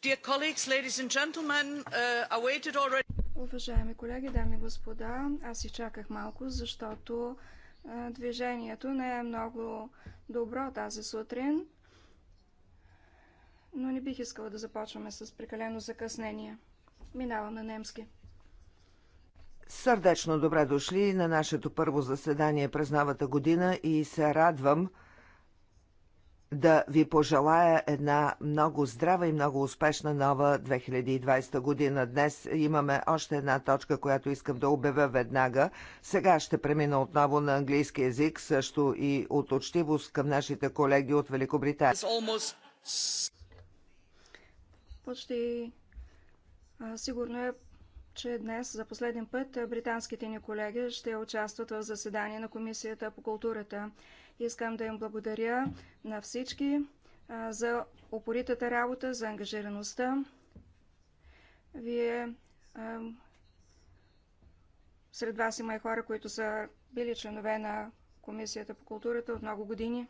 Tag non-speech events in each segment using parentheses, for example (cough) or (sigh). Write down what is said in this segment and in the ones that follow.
Uh, Уважаеми колеги, дами и господа, аз изчаках малко, защото движението не е много добро тази сутрин, но не бих искала да започваме с прекалено закъснение. Минавам на немски. Сърдечно добре дошли на нашето първо заседание през новата година и се радвам, да ви пожелая една много здрава и много успешна нова 2020 година. Днес имаме още една точка, която искам да обявя веднага. Сега ще премина отново на английски язик, също и от учтивост към нашите колеги от Великобритания. Almost... Почти а, сигурно е че днес за последен път британските ни колеги ще участват в заседание на Комисията по културата. Искам да им благодаря на всички за упоритата работа, за ангажираността. Вие сред вас има и хора, които са били членове на Комисията по културата от много години.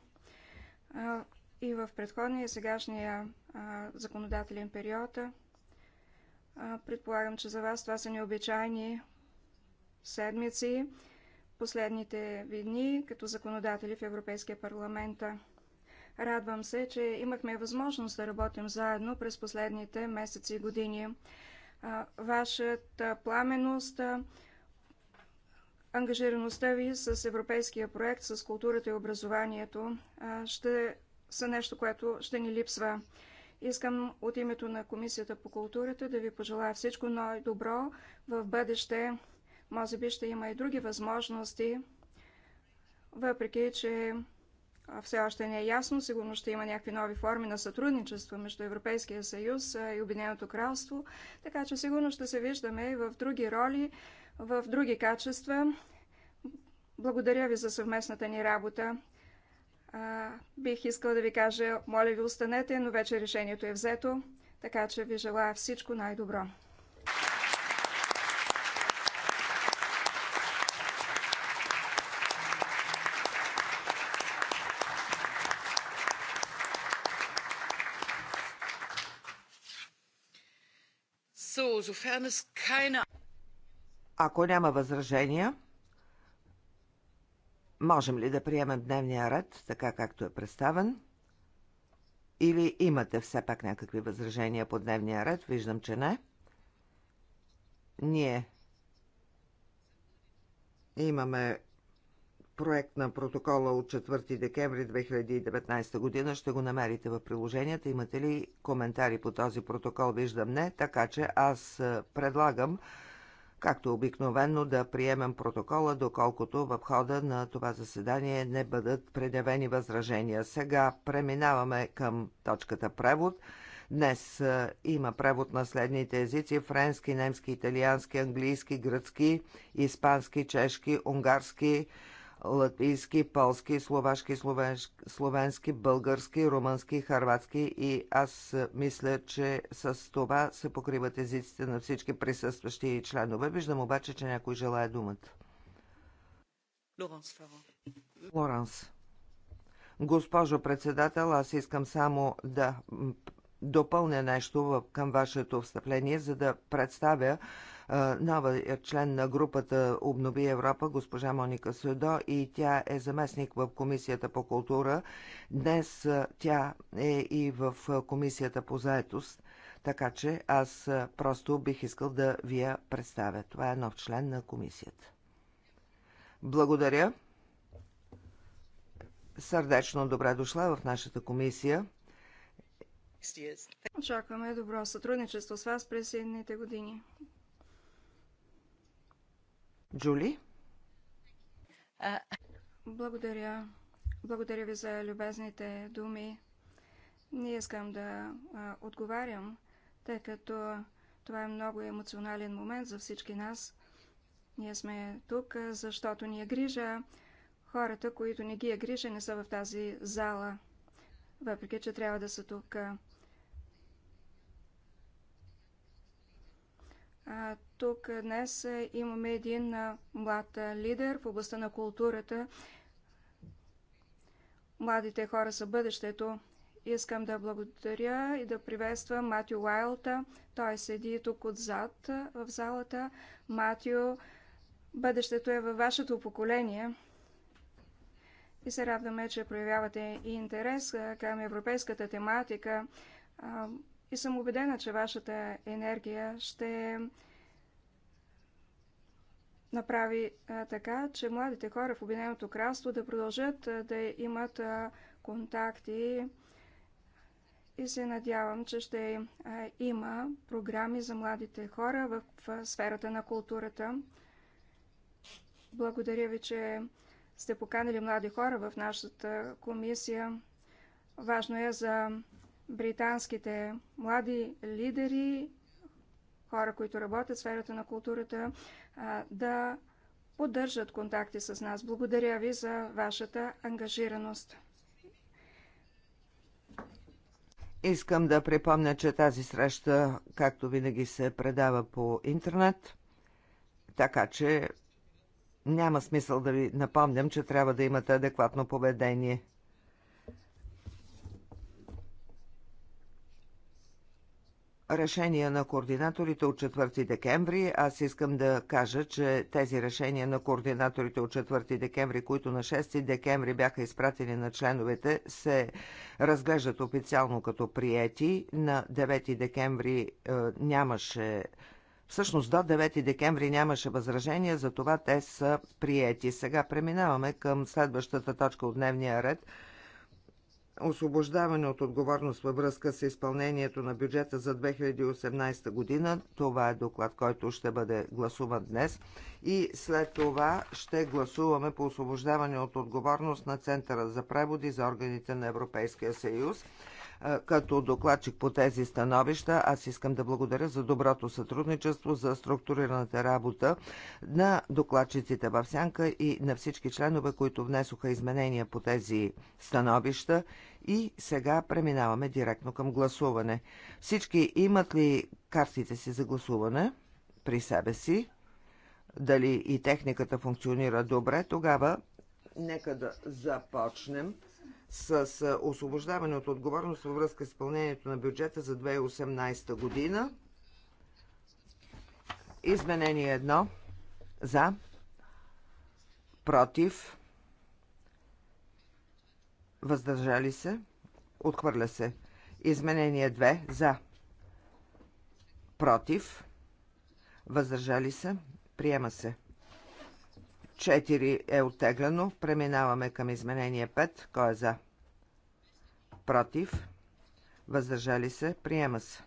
И в предходния и сегашния законодателен период. Предполагам, че за вас това са необичайни седмици последните ви дни като законодатели в Европейския парламент. Радвам се, че имахме възможност да работим заедно през последните месеци и години. Вашата пламеност, ангажираността ви с европейския проект, с културата и образованието ще са нещо, което ще ни липсва. Искам от името на Комисията по културата да ви пожелая всичко най-добро в бъдеще може би ще има и други възможности, въпреки че все още не е ясно. Сигурно ще има някакви нови форми на сътрудничество между Европейския съюз и Обединеното кралство, така че сигурно ще се виждаме и в други роли, в други качества. Благодаря ви за съвместната ни работа. бих искала да ви кажа, моля ви останете, но вече решението е взето, така че ви желая всичко най-добро. Ако няма възражения, можем ли да приемем дневния ред, така както е представен? Или имате все пак някакви възражения по дневния ред? Виждам, че не. Ние имаме проект на протокола от 4 декември 2019 година. Ще го намерите в приложенията. Имате ли коментари по този протокол? Виждам не, така че аз е, предлагам както обикновенно да приемем протокола, доколкото в хода на това заседание не бъдат предявени възражения. Сега преминаваме към точката превод. Днес е, има превод на следните езици – френски, немски, италиански, английски, гръцки, испански, чешки, унгарски, латвийски, полски, словашки, словенски, словенски, български, румънски, харватски и аз мисля, че с това се покриват езиците на всички присъстващи членове. Виждам обаче, че някой желая думата. Лоранс Фарон. Лоранс. Госпожо председател, аз искам само да допълня нещо към вашето встъпление, за да представя новия е, член на групата Обнови Европа, госпожа Моника Судо, и тя е заместник в Комисията по култура. Днес тя е и в Комисията по заетост. Така че аз просто бих искал да ви я представя. Това е нов член на комисията. Благодаря. Сърдечно добре дошла в нашата комисия. Очакваме добро сътрудничество с вас през едните години. Джули? Благодаря. Благодаря ви за любезните думи. Не искам да а, отговарям, тъй като това е много емоционален момент за всички нас. Ние сме тук, защото ни е грижа. Хората, които не ги е грижа, не са в тази зала, въпреки че трябва да са тук. Тук днес имаме един млад лидер в областта на културата. Младите хора са бъдещето. Искам да благодаря и да приветствам Матио Уайлта. Той седи тук отзад в залата. Матио, бъдещето е във вашето поколение. И се радваме, че проявявате и интерес към европейската тематика и съм убедена, че вашата енергия ще направи така, че младите хора в Обединеното кралство да продължат да имат контакти и се надявам, че ще има програми за младите хора в сферата на културата. Благодаря ви, че сте поканили млади хора в нашата комисия. Важно е за британските млади лидери, хора, които работят в сферата на културата, да поддържат контакти с нас. Благодаря ви за вашата ангажираност. Искам да припомня, че тази среща, както винаги, се предава по интернет, така че няма смисъл да ви напомням, че трябва да имате адекватно поведение. решения на координаторите от 4 декември. Аз искам да кажа, че тези решения на координаторите от 4 декември, които на 6 декември бяха изпратени на членовете, се разглеждат официално като приети. На 9 декември е, нямаше Всъщност до 9 декември нямаше възражения, затова те са приети. Сега преминаваме към следващата точка от дневния ред – освобождаване от отговорност във връзка с изпълнението на бюджета за 2018 година. Това е доклад, който ще бъде гласуван днес. И след това ще гласуваме по освобождаване от отговорност на Центъра за преводи за органите на Европейския съюз. Като докладчик по тези становища, аз искам да благодаря за доброто сътрудничество, за структурираната работа на докладчиците в Сянка и на всички членове, които внесоха изменения по тези становища. И сега преминаваме директно към гласуване. Всички имат ли картите си за гласуване при себе си? Дали и техниката функционира добре? Тогава нека да започнем с освобождаване от отговорност във връзка с изпълнението на бюджета за 2018 година. Изменение 1. За. Против въздържали се, отхвърля се. Изменение 2 за, против, въздържали се, приема се. 4 е оттеглено. Преминаваме към изменение 5. Кой е за? Против. Въздържали се. Приема се.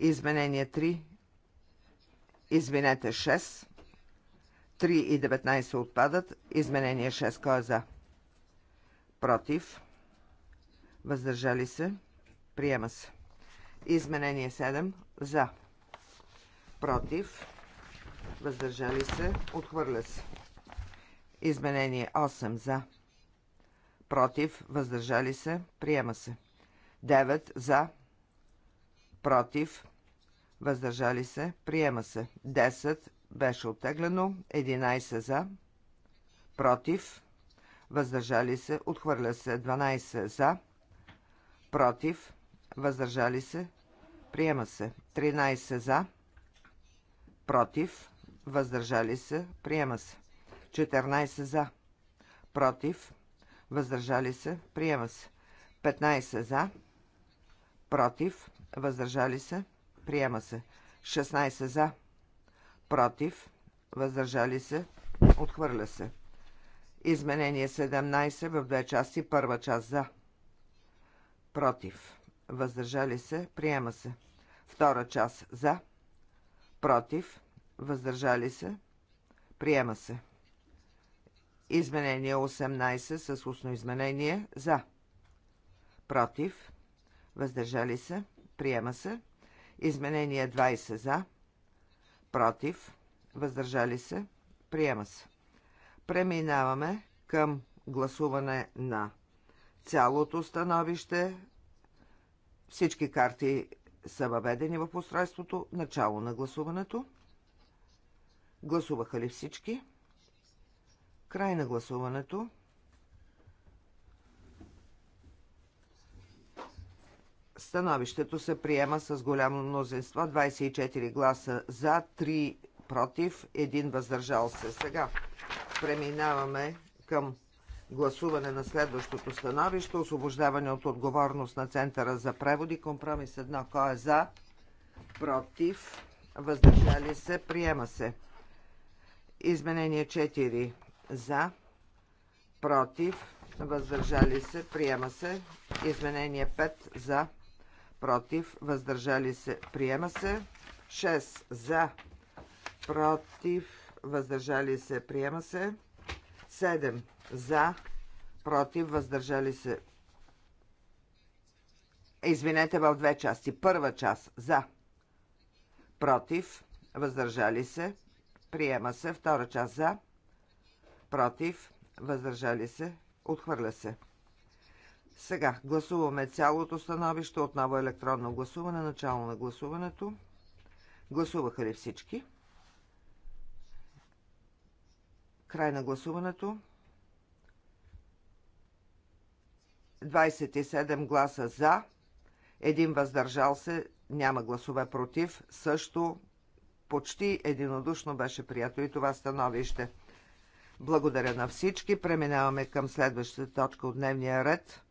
Изменение 3. Извинете 6. 3 и 19 отпадат. Изменение 6. Кой е за? против, въздържали се, приема се. Изменение 7 за, против, въздържали се, отхвърля се. Изменение 8 за, против, въздържали се, приема се. 9 за, против, въздържали се, приема се. 10 беше оттеглено, 11 за, против, въздържали се, отхвърля се 12 за, против, въздържали се, приема се 13 за, против, въздържали се, приема се 14 за, против, въздържали се, приема се 15 за, против, въздържали се, приема се 16 за, против, въздържали се, отхвърля се Изменение 17 в две части. Първа част за. Против. Въздържали се. Приема се. Втора част за. Против. Въздържали се. Приема се. Изменение 18 с устно изменение за. Против. Въздържали се. Приема се. Изменение 20 за. Против. Въздържали се. Приема се. Преминаваме към гласуване на цялото становище. Всички карти са въведени в устройството. Начало на гласуването. Гласуваха ли всички? Край на гласуването. Становището се приема с голямо мнозинство. 24 гласа за, 3 против, 1 въздържал се. Сега Преминаваме към гласуване на следващото становище. Освобождаване от отговорност на Центъра за преводи. Компромис 1. Кой е за? Против? Въздържали се? Приема се. Изменение 4. За? Против? Въздържали се? Приема се. Изменение 5. За? Против? Въздържали се? Приема се. 6. За? Против? въздържали се, приема се. 7 за, против, въздържали се. Извинете, в две части. Първа част за, против, въздържали се, приема се. Втора част за, против, въздържали се, отхвърля се. Сега гласуваме цялото становище, отново електронно гласуване, начало на гласуването. Гласуваха ли всички? Край на гласуването. 27 гласа за, един въздържал се, няма гласове против, също почти единодушно беше прието и това становище. Благодаря на всички. Преминаваме към следващата точка от дневния ред.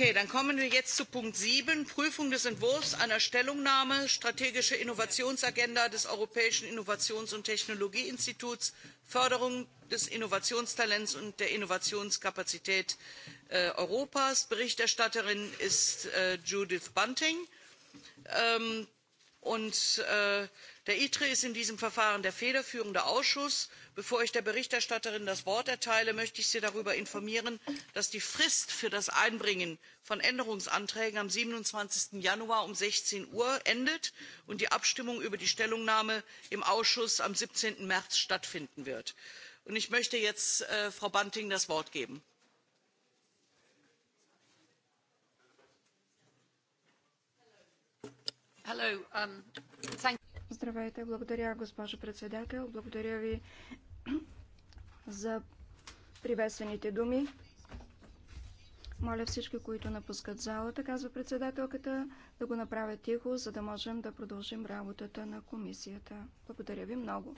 Okay, dann kommen wir jetzt zu Punkt sieben Prüfung des Entwurfs einer Stellungnahme strategische Innovationsagenda des Europäischen Innovations- und Technologieinstituts, Förderung des Innovationstalents und der Innovationskapazität Europas. Berichterstatterin ist Judith Bunting. und der itre ist in diesem verfahren der federführende ausschuss. bevor ich der berichterstatterin das wort erteile möchte ich sie darüber informieren dass die frist für das einbringen von änderungsanträgen am. siebenundzwanzig januar um sechzehn uhr endet und die abstimmung über die stellungnahme im ausschuss am. siebzehn märz stattfinden wird. ich möchte jetzt frau bunting das wort geben. Здравейте, благодаря госпожо председател, благодаря ви за приветствените думи. Моля всички, които напускат залата, казва председателката, да го направят тихо, за да можем да продължим работата на комисията. Благодаря ви много.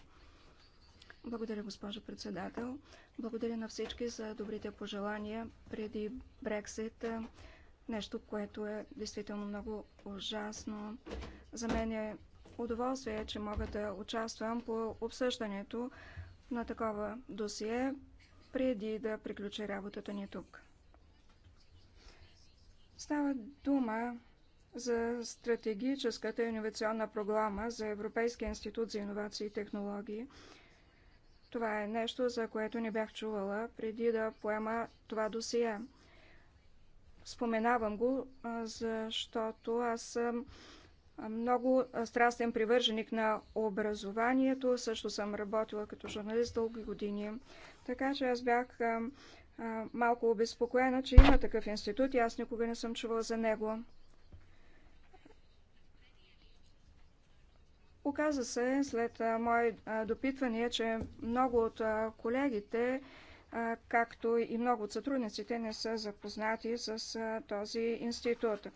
Благодаря, госпожо председател. Благодаря на всички за добрите пожелания преди Брексит. Нещо, което е действително много ужасно. За мен е удоволствие че мога да участвам по обсъждането на такова досие, преди да приключи работата ни тук. Става дума за стратегическата инновационна програма за Европейския институт за инновации и технологии. Това е нещо, за което не бях чувала преди да поема това досие. Споменавам го, защото аз съм много страстен привърженик на образованието. Също съм работила като журналист дълги години. Така че аз бях а, а, малко обезпокоена, че има такъв институт и аз никога не съм чувала за него. Оказа се, след а, мое допитвание, че много от а, колегите, а, както и много от сътрудниците, не са запознати с този институт.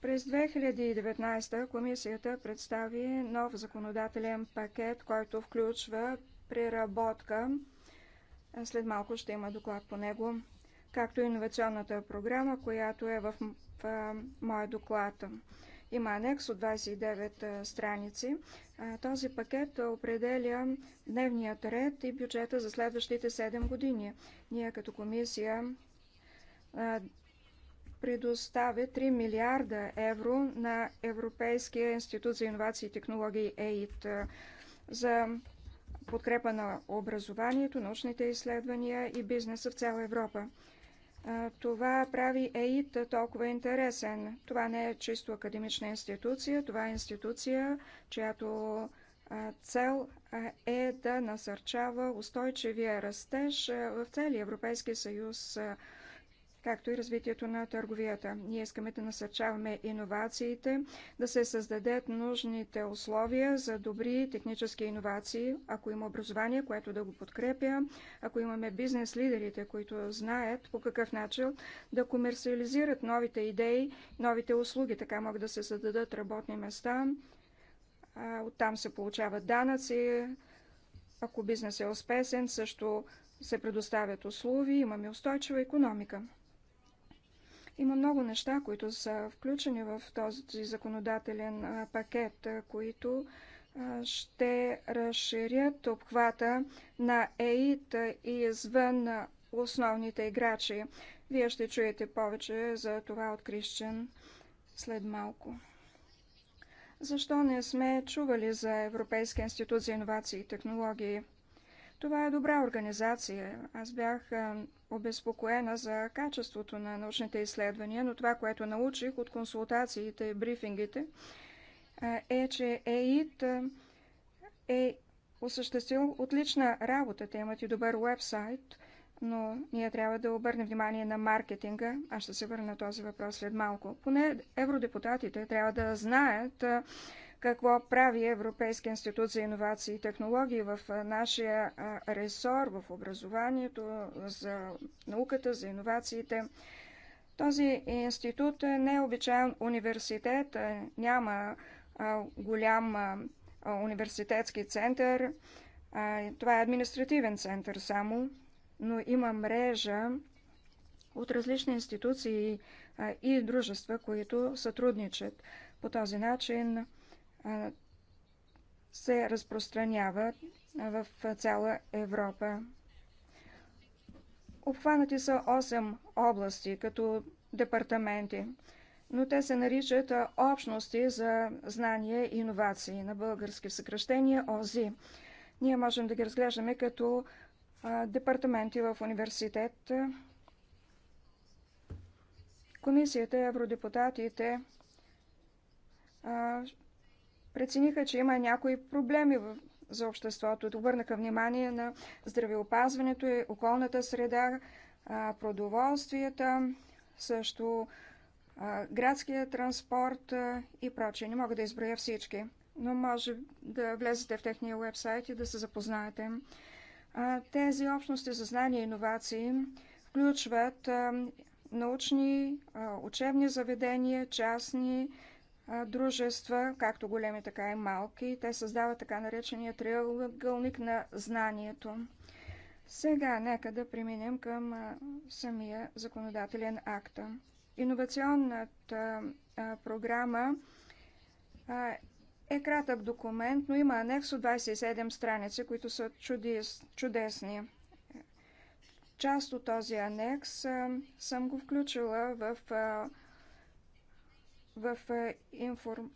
През 2019 комисията представи нов законодателен пакет, който включва преработка. След малко ще има доклад по него, както и инновационната програма, която е в, в, в моя доклад. Има анекс от 29 страници. Този пакет определя дневният ред и бюджета за следващите 7 години. Ние като комисия предоставя 3 милиарда евро на Европейския институт за инновации и технологии ЕИТ за подкрепа на образованието, научните изследвания и бизнеса в цяла Европа. Това прави ЕИТ толкова интересен. Това не е чисто академична институция, това е институция, чиято цел е да насърчава устойчивия растеж в целия Европейски съюз както и развитието на търговията. Ние искаме да насърчаваме иновациите, да се създадат нужните условия за добри технически иновации, ако има образование, което да го подкрепя, ако имаме бизнес лидерите, които знаят по какъв начин да комерциализират новите идеи, новите услуги, така могат да се създадат работни места, оттам се получават данъци, ако бизнес е успешен, също се предоставят услуги, имаме устойчива економика. Има много неща, които са включени в този законодателен пакет, които ще разширят обхвата на ЕИТ и извън основните играчи. Вие ще чуете повече за това от Крищен след малко. Защо не сме чували за Европейския институт за инновации и технологии? Това е добра организация. Аз бях обезпокоена за качеството на научните изследвания, но това, което научих от консултациите и брифингите, е, че ЕИТ е осъществил отлична работа. Те имат и добър вебсайт, но ние трябва да обърнем внимание на маркетинга. Аз ще се върна на този въпрос след малко. Поне евродепутатите трябва да знаят какво прави Европейския институт за иновации и технологии в нашия ресор, в образованието, за науката, за иновациите. Този институт не е обичайен университет, няма голям университетски център. Това е административен център само, но има мрежа от различни институции и дружества, които сътрудничат. По този начин се разпространява в цяла Европа. Обхванати са 8 области като департаменти, но те се наричат Общности за знания и иновации на български съкръщения ОЗИ. Ние можем да ги разглеждаме като департаменти в университет. Комисията, евродепутатите прецениха, че има някои проблеми в за обществото. Обърнаха внимание на здравеопазването и околната среда, продоволствията, също градския транспорт и прочее. Не мога да изброя всички, но може да влезете в техния вебсайт и да се запознаете. Тези общности за знания и иновации включват научни, учебни заведения, частни, дружества, както големи, така и малки. Те създават така наречения триъгълник на знанието. Сега нека да преминем към самия законодателен акт. Инновационната програма е кратък документ, но има анекс от 27 страници, които са чудес, чудесни. Част от този анекс съм го включила в в, е, информ...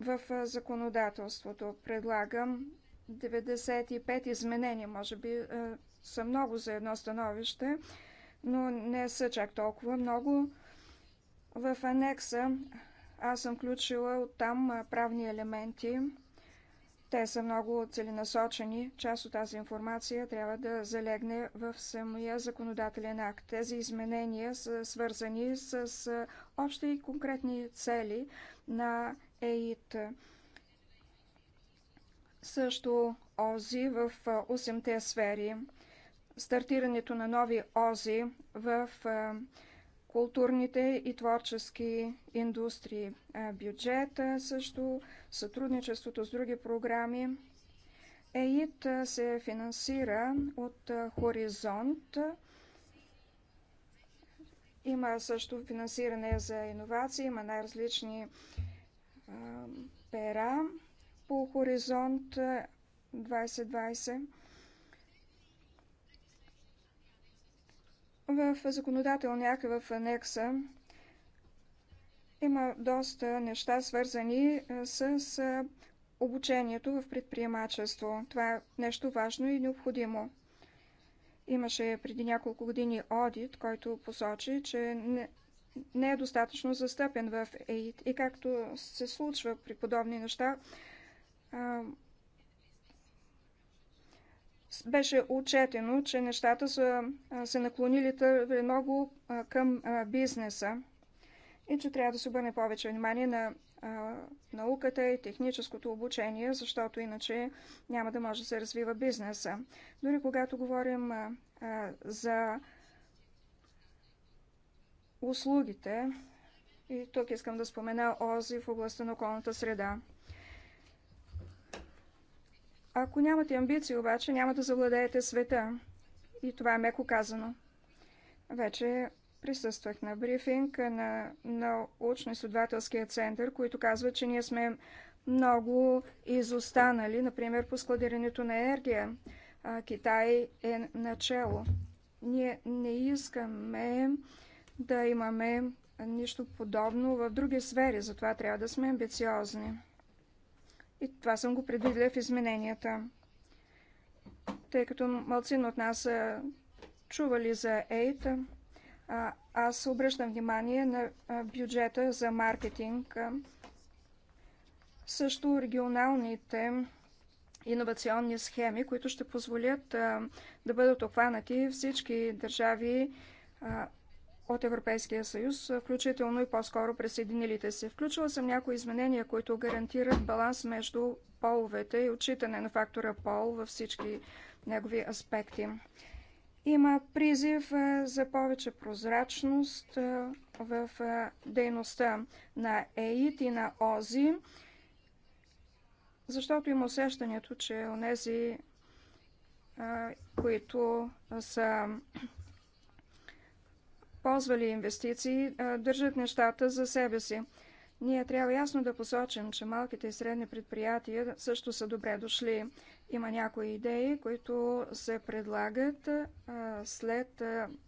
в е, законодателството. Предлагам 95 изменения, може би е, са много за едно становище, но не са чак толкова много. В анекса аз съм включила от там правни елементи, те са много целенасочени. Част от тази информация трябва да залегне в самия законодателен акт. Тези изменения са свързани с общи и конкретни цели на ЕИТ. Също ОЗИ в 8-те сфери. Стартирането на нови ОЗИ в културните и творчески индустрии. Бюджета също сътрудничеството с други програми. ЕИТ се финансира от Хоризонт. Има също финансиране за иновации, има най-различни пера по Хоризонт 2020. В законодателния акт в анекса има доста неща свързани е, с е, обучението в предприемачество. Това е нещо важно и необходимо. Имаше преди няколко години одит, който посочи, че не е достатъчно застъпен в ЕИД. И както се случва при подобни неща, е, беше отчетено, че нещата са се наклонили много към бизнеса и че трябва да се обърне повече внимание на а, науката и техническото обучение, защото иначе няма да може да се развива бизнеса. Дори когато говорим а, а, за услугите, и тук искам да спомена ОЗИ в областта на околната среда. Ако нямате амбиции, обаче няма да завладеете света. И това е меко казано. Вече Присъствах на брифинг на научно-изследователския център, които казват, че ние сме много изостанали, например, по складирането на енергия. Китай е начало. Ние не искаме да имаме нищо подобно в други сфери, затова трябва да сме амбициозни. И това съм го предвидила в измененията. Тъй като малцин от нас са чували за ЕЙТА, аз обръщам внимание на бюджета за маркетинг, също регионалните иновационни схеми, които ще позволят да бъдат обхванати всички държави от Европейския съюз, включително и по-скоро присъединилите се. Включила съм някои изменения, които гарантират баланс между половете и отчитане на фактора пол във всички негови аспекти. Има призив за повече прозрачност в дейността на ЕИТ и на ОЗИ, защото има усещането, че онези, които са ползвали инвестиции, държат нещата за себе си. Ние трябва ясно да посочим, че малките и средни предприятия също са добре дошли. Има някои идеи, които се предлагат след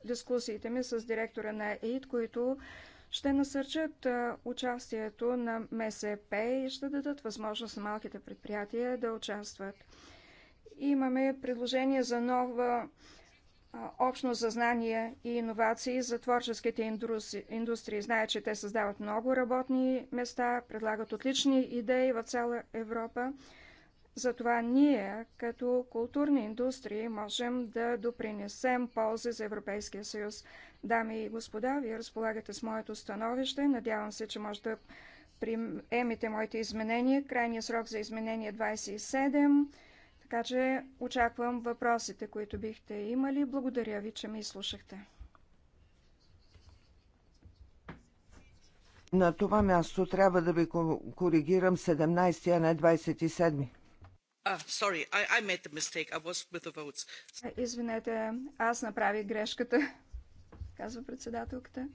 дискусиите ми с директора на ЕИД, които ще насърчат участието на МСП и ще дадат възможност на малките предприятия да участват. Имаме предложение за нова общност за знания и иновации за творческите индустрии. Знаят, че те създават много работни места, предлагат отлични идеи в цяла Европа. Затова ние, като културни индустрии, можем да допринесем ползи за Европейския съюз. Дами и господа, вие разполагате с моето становище. Надявам се, че може да приемете моите изменения. Крайният срок за изменение 27. Е така че очаквам въпросите, които бихте имали. Благодаря ви, че ме изслушахте. На това място трябва да ви коригирам 17, а не 27. Ah, Извинете, аз направих грешката, (laughs) казва председателката.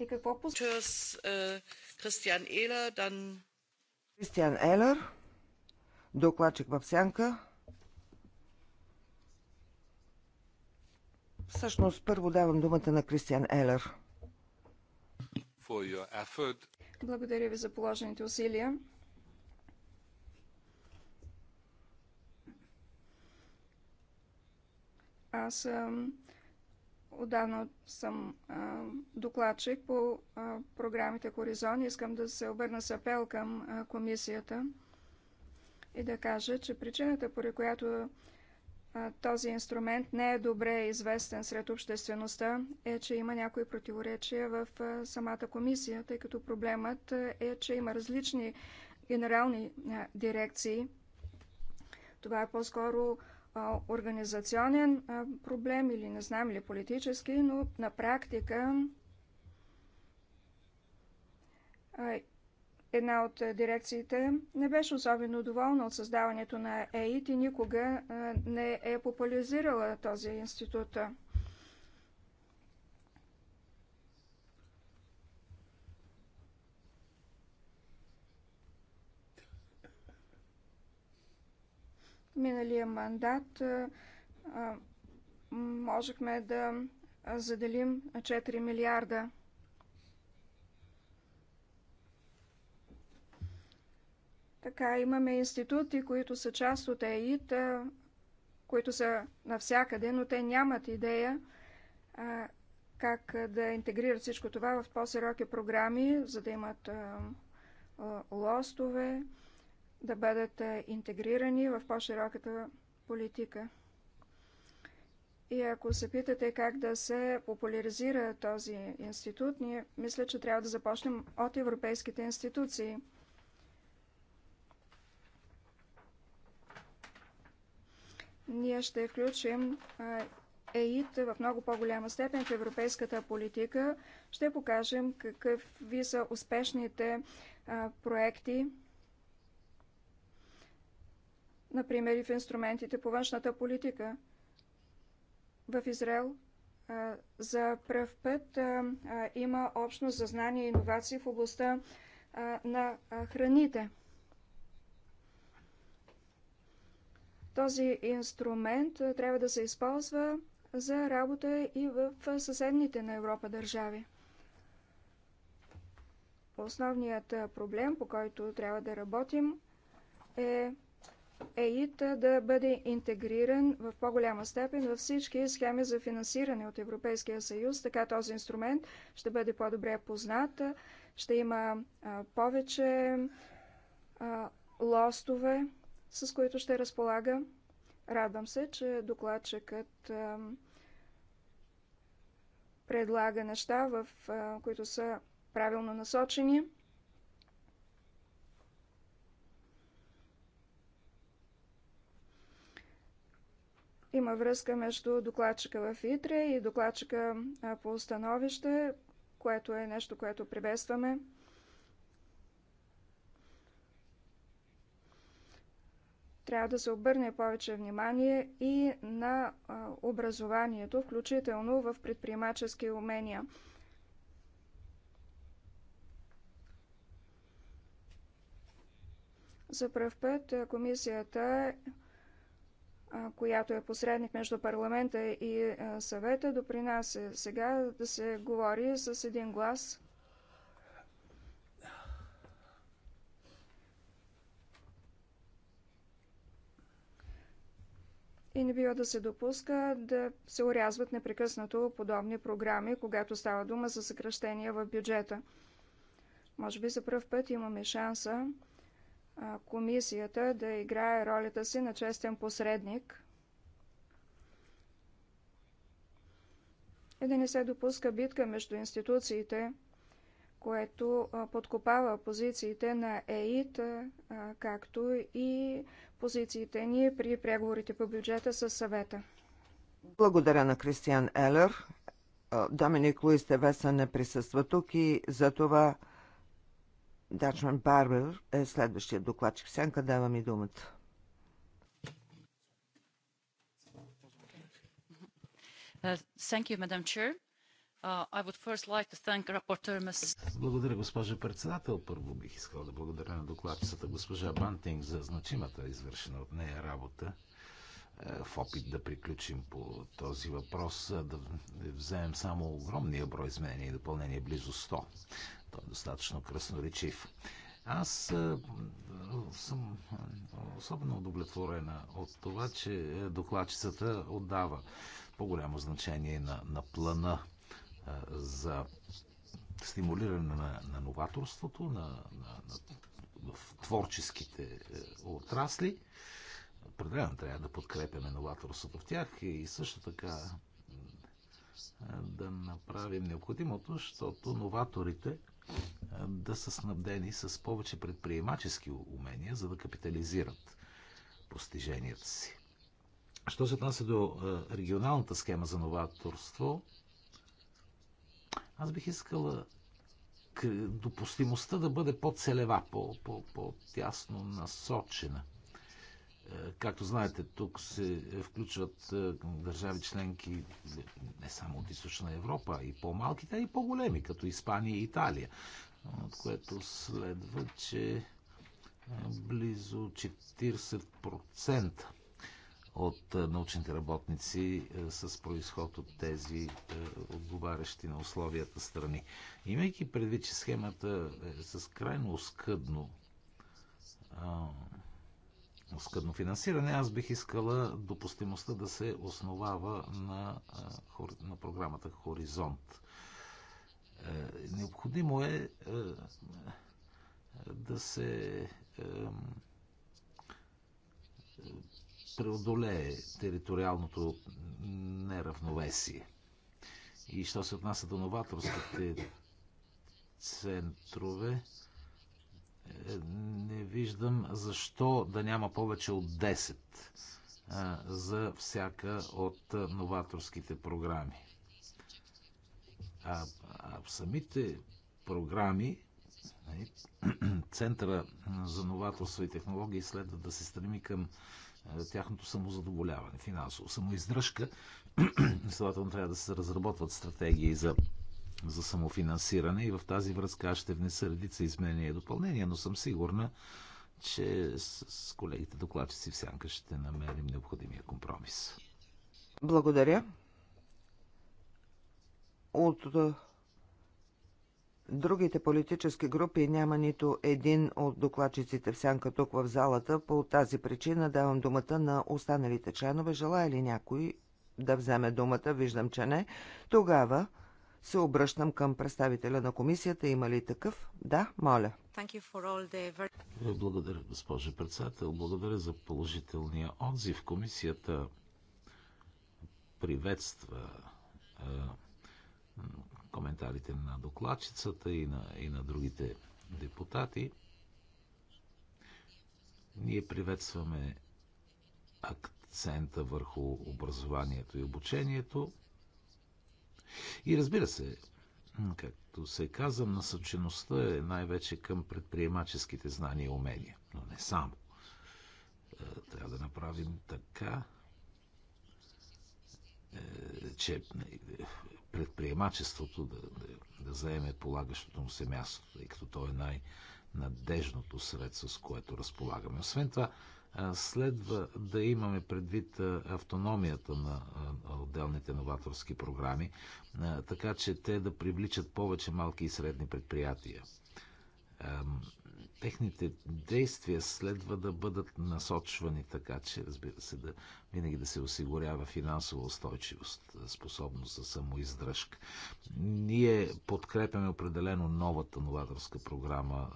И какво пус... Е, Кристиан Елер, дан... Кристиан Елер, докладчик в сянка. Всъщност, първо давам думата на Кристиан Елер. Благодаря ви за положените усилия. Аз отдавна съм а, докладчик по а, програмите Хоризон. Искам да се обърна с апел към а, комисията и да кажа, че причината, поради която а, този инструмент не е добре известен сред обществеността, е, че има някои противоречия в а, самата комисия, тъй като проблемът е, че има различни генерални а, дирекции. Това е по-скоро а, организационен проблем или не знам ли политически, но на практика една от дирекциите не беше особено доволна от създаването на ЕИТ и никога не е популяризирала този институт. Миналия мандат можехме да заделим 4 милиарда. Така имаме институти, които са част от ЕИТ, които са навсякъде, но те нямат идея а, как да интегрират всичко това в по сироки програми, за да имат а, а, лостове, да бъдат е, интегрирани в по-широката политика. И ако се питате как да се популяризира този институт, ние мисля, че трябва да започнем от европейските институции. Ние ще включим е, ЕИТ в много по-голяма степен в европейската политика. Ще покажем какви са успешните е, проекти например и в инструментите по външната политика. В Израел за пръв път има общност за знания и иновации в областта на храните. Този инструмент трябва да се използва за работа и в съседните на Европа държави. Основният проблем, по който трябва да работим, е ЕИТ да бъде интегриран в по-голяма степен във всички схеми за финансиране от Европейския съюз. Така този инструмент ще бъде по-добре познат, ще има повече лостове, с които ще разполага. Радвам се, че докладчикът предлага неща, в които са правилно насочени. Има връзка между докладчика в ИТРЕ и докладчика по установище, което е нещо, което приветстваме. Трябва да се обърне повече внимание и на образованието, включително в предприемачески умения. За пръв път комисията която е посредник между парламента и съвета, допринася сега да се говори с един глас. И не бива да се допуска да се урязват непрекъснато подобни програми, когато става дума за съкръщения в бюджета. Може би за първ път имаме шанса комисията да играе ролята си на честен посредник и да не се допуска битка между институциите, което подкопава позициите на ЕИТ, както и позициите ни при преговорите по бюджета с съвета. Благодаря на Кристиан Елер. Доминик Луис Тевеса не присъства тук и за това Дачман Барбер е следващия докладчик. Сянка, дава ми думата. Uh, uh, благодаря, госпожа председател. Първо бих искал да благодаря на докладчицата госпожа Бантинг за значимата извършена от нея работа е, в опит да приключим по този въпрос, е, да вземем само огромния брой изменения и допълнения, близо 100. Той е достатъчно красноречив. Аз е, съм е, особено удовлетворена от това, че е, докладчицата отдава по-голямо значение на, на плана за стимулиране на, на новаторството, на, на, на, в творческите отрасли. Определено трябва да подкрепяме новаторството в тях и също така да направим необходимото, защото новаторите да са снабдени с повече предприемачески умения, за да капитализират постиженията си. Що се отнася до регионалната схема за новаторство, аз бих искала допустимостта да бъде по-целева, по-тясно -по -по насочена. Както знаете, тук се включват е, държави членки не само от Източна Европа, и по-малките, а и по-големи, като Испания и Италия. От което следва, че е, близо 40% от е, научните работници с происход от тези отговарящи на условията страни. Имайки предвид, че схемата е с крайно оскъдно скъдно финансиране, аз бих искала допустимостта да се основава на, на програмата Хоризонт. Е, необходимо е, е да се е, преодолее териториалното неравновесие. И що се отнася до новаторските центрове, не виждам защо да няма повече от 10 за всяка от новаторските програми. А, а в самите програми нали, (clears throat) Центъра за новаторство и технологии следва да се стреми към тяхното самозадоволяване, финансово самоиздръжка. (clears throat) Следователно трябва да се разработват стратегии за за самофинансиране и в тази връзка аз ще внеса редица изменения и допълнения, но съм сигурна, че с колегите докладчици в Сянка ще намерим необходимия компромис. Благодаря. От е, другите политически групи няма нито един от докладчиците в сянка тук в залата. По тази причина давам думата на останалите членове. Желая ли някой да вземе думата? Виждам, че не. Тогава се обръщам към представителя на комисията. Има ли такъв? Да, моля. Благодаря, госпожо председател. Благодаря за положителния отзив. Комисията приветства е, коментарите на докладчицата и на, и на другите депутати. Ние приветстваме акцента върху образованието и обучението и разбира се, както се каза, насъчеността е най-вече към предприемаческите знания и умения, но не само. Е, трябва да направим така, е, че е, предприемачеството да, да, да заеме полагащото му се място, тъй като то е най- надежното средство, с което разполагаме. Освен това, следва да имаме предвид автономията на отделните новаторски програми, така че те да привличат повече малки и средни предприятия техните действия следва да бъдат насочвани така, че разбира се, да, винаги да се осигурява финансова устойчивост, способност за самоиздръжка. Ние подкрепяме определено новата новаторска програма,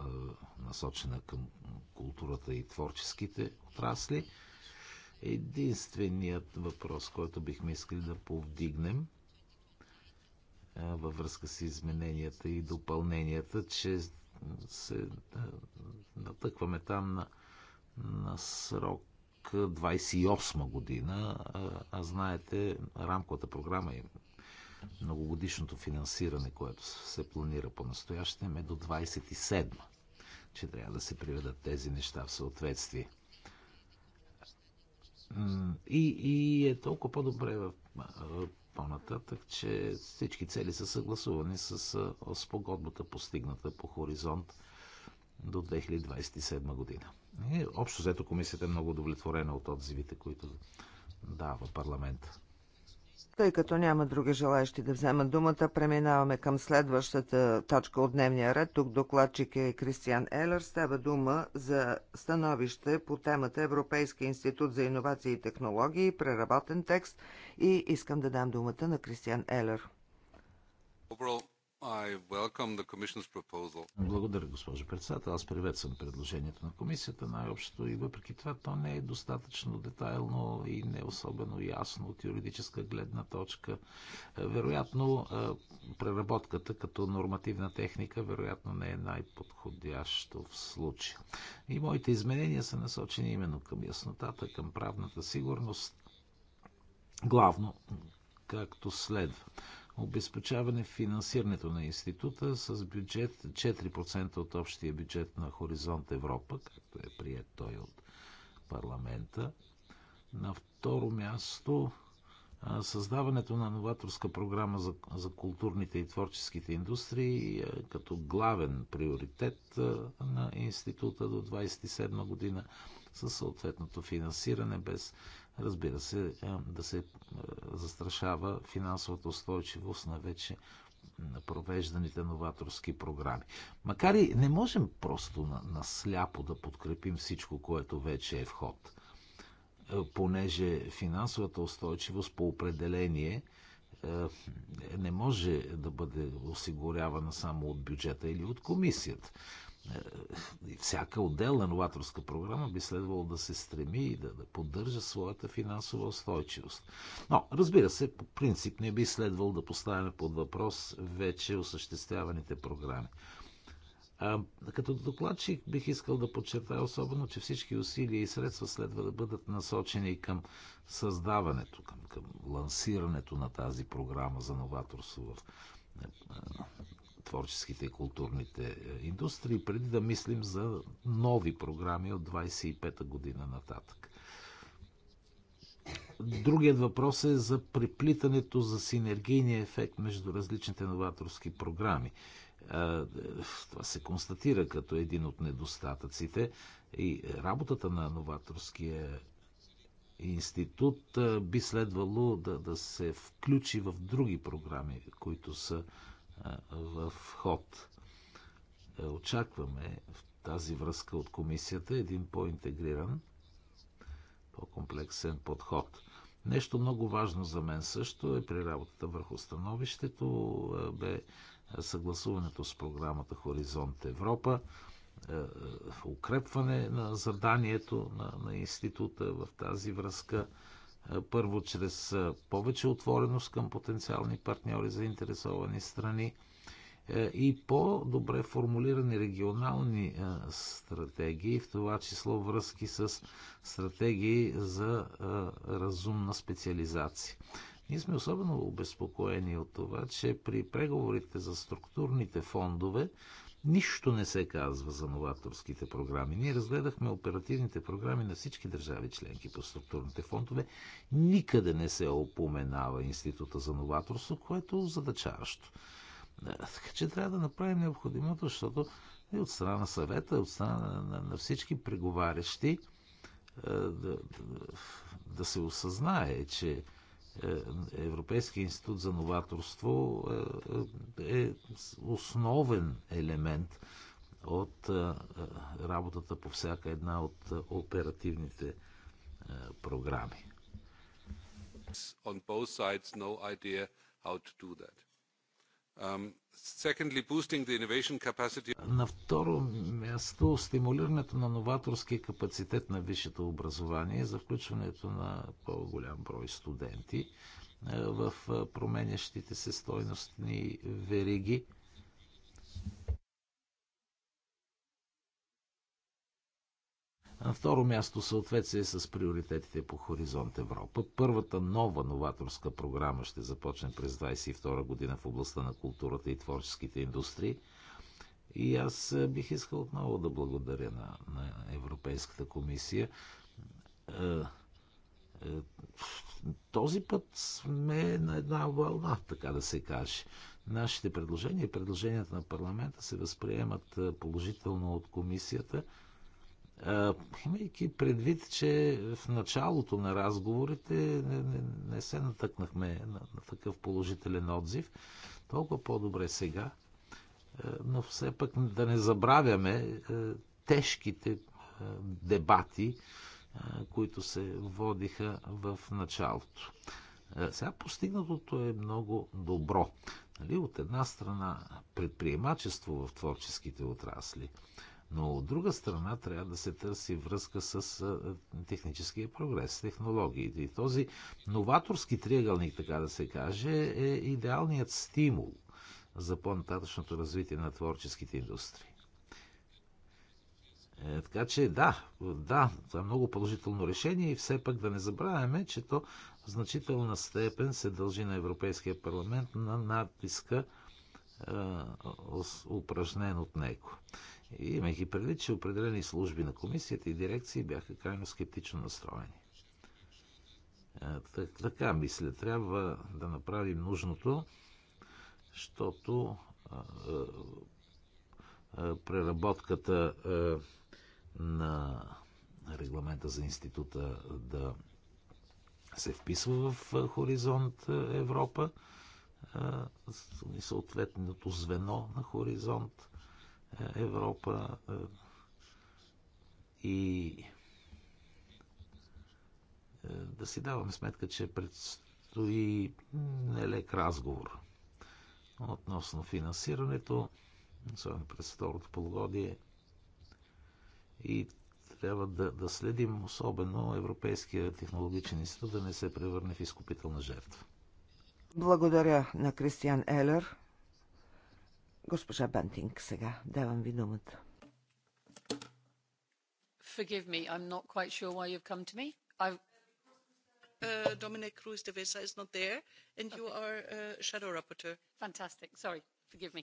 насочена към културата и творческите отрасли. Единственият въпрос, който бихме искали да повдигнем във връзка с измененията и допълненията, че се е, натъкваме там на, на срок 28 година. А, а знаете, рамковата програма и многогодишното финансиране, което се планира по-настоящем, е до 27 че трябва да се приведат тези неща в съответствие. И, и е толкова по-добре в по-нататък, че всички цели са съгласувани с спогодбата, постигната по хоризонт до 2027 година. И общо взето комисията е много удовлетворена от отзивите, които дава парламент. Тъй като няма други желаящи да вземат думата, преминаваме към следващата точка от дневния ред. Тук докладчик е Кристиан Елер. Става дума за становище по темата Европейски институт за иновации и технологии, преработен текст и искам да дам думата на Кристиан Елер. Благодаря, госпожо председател. Аз приветствам предложението на комисията най-общото и въпреки това то не е достатъчно детайлно и не е особено ясно от юридическа гледна точка. Вероятно, преработката като нормативна техника вероятно не е най-подходящо в случая. И моите изменения са насочени именно към яснотата, към правната сигурност, главно както следва обезпечаване финансирането на института с бюджет 4% от общия бюджет на Хоризонт Европа, както е прият той от парламента. На второ място създаването на новаторска програма за, за културните и творческите индустрии като главен приоритет на института до 27 година със съответното финансиране без разбира се, е, да се е, застрашава финансовата устойчивост на вече на провежданите новаторски програми. Макар и не можем просто насляпо на да подкрепим всичко, което вече е в ход, е, понеже финансовата устойчивост по определение не може да бъде осигурявана само от бюджета или от комисията. Е, всяка отделна новаторска програма би следвало да се стреми и да, да поддържа своята финансова устойчивост. Но, разбира се, по принцип не би следвало да поставяме под въпрос вече осъществяваните програми. А, като докладчик бих искал да подчертая особено, че всички усилия и средства следва да бъдат насочени към създаването, към, към лансирането на тази програма за новаторство в е, творческите и културните е, индустрии, преди да мислим за нови програми от 25-та година нататък. Другият въпрос е за преплитането за синергийния ефект между различните новаторски програми. Е, това се констатира като един от недостатъците и работата на новаторския институт е, би следвало да, да се включи в други програми, които са в ход. Очакваме в тази връзка от комисията един по-интегриран, по-комплексен подход. Нещо много важно за мен също е при работата върху становището е, бе съгласуването с програмата Хоризонт Европа, е, е, укрепване на заданието на, на института в тази връзка – първо, чрез повече отвореност към потенциални партньори, за интересовани страни е, и по-добре формулирани регионални е, стратегии, в това число връзки с стратегии за е, разумна специализация. Ние сме особено обезпокоени от това, че при преговорите за структурните фондове Нищо не се казва за новаторските програми. Ние разгледахме оперативните програми на всички държави членки по структурните фондове. Никъде не се опоменава Института за новаторство, което е задачаващо. Е, така че трябва да направим необходимото, защото и от страна на съвета, и от страна на, на, на всички преговарящи е, да, да, да се осъзнае, че е, Европейския институт за новаторство е, е, е основен елемент от работата по всяка една от оперативните програми. On both sides, no idea how to do that. Um, на второ място, стимулирането на новаторския капацитет на висшето образование за включването на по-голям брой студенти е, в е, променящите се стойностни вериги На второ място съответствие с приоритетите по Хоризонт Европа. Първата нова новаторска програма ще започне през 22 година в областта на културата и творческите индустрии. И аз е, бих искал отново да благодаря на, на Европейската комисия. Е, е, този път сме на една вълна, така да се каже. Нашите предложения и предложенията на парламента се възприемат положително от комисията – имайки предвид, че в началото на разговорите не, не, не се натъкнахме на, на такъв положителен отзив, толкова по-добре сега, но все пък да не забравяме тежките дебати, които се водиха в началото. Сега постигнатото е много добро. Нали, от една страна предприемачество в творческите отрасли – но от друга страна трябва да се търси връзка с техническия прогрес, с технологиите. И този новаторски триъгълник, така да се каже, е идеалният стимул за по-нататъчното развитие на творческите индустрии. Е, така че да, да, това е много положително решение и все пак да не забравяме, че то в значителна степен се дължи на Европейския парламент на натиска е, упражнен от него. И имайки предвид, че определени служби на комисията и дирекции бяха крайно скептично настроени. Так, така, мисля, трябва да направим нужното, защото а, а, преработката а, на регламента за института да се вписва в Хоризонт Европа и съответното звено на Хоризонт Европа е, и е, да си даваме сметка, че предстои нелек разговор относно финансирането, особено през второто полугодие. И трябва да, да следим особено Европейския технологичен институт да не се превърне в изкупителна жертва. Благодаря на Кристиан Елер. Госпожа Бантинг, сега давам ви думата. Forgive me, I'm not quite sure why you've come to me. I've... Uh, Dominic Cruz de Vesa is not there, and okay. you are a shadow rapporteur. Fantastic. Sorry, forgive me.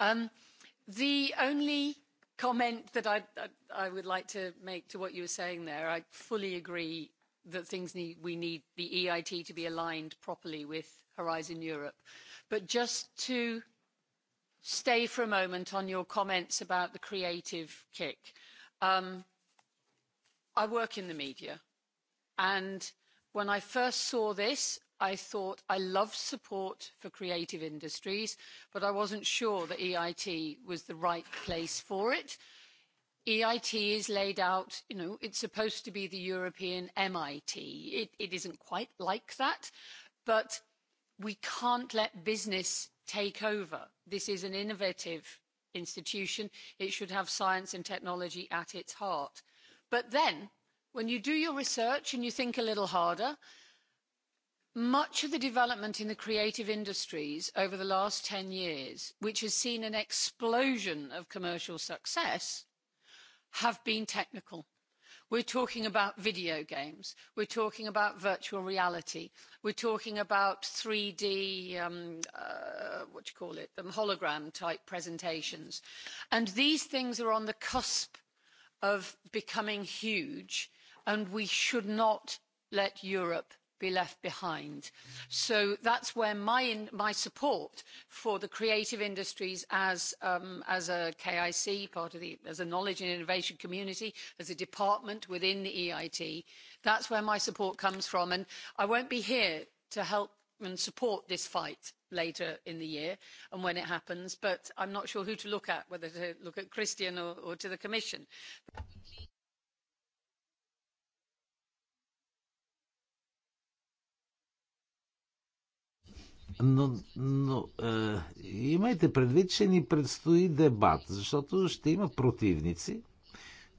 Um, the only comment that I, I would like to make to what you were saying there, I fully agree that things need, we need the EIT to be aligned properly with Horizon Europe. But just to stay for a moment on your comments about the creative kick. Um, I work in the media, and when I first saw this, I thought I love support for creative industries, but I wasn't sure that EIT was the right place for it. EIT is laid out, you know, it's supposed to be the European MIT. It, it isn't quite like that, but we can't let business take over. This is an innovative institution. It should have science and technology at its heart. But then, when you do your research and you think a little harder, much of the development in the creative industries over the last ten years, which has seen an explosion of commercial success, have been technical We're talking about video games. We're talking about virtual reality. We're talking about 3D, um, uh, what do you call it, um, hologram type presentations. And these things are on the cusp of becoming huge, and we should not let Europe be left behind. So that's where my, in, my support for the creative industries as, um, as a KIC, part of the, as a knowledge and innovation community, as a department within the EIT, that's where my support comes from. And I won't be here to help and support this fight later in the year and when it happens, but I'm not sure who to look at, whether to look at Christian or, or to the Commission. Но, но е, имайте предвид, че ни предстои дебат, защото ще има противници,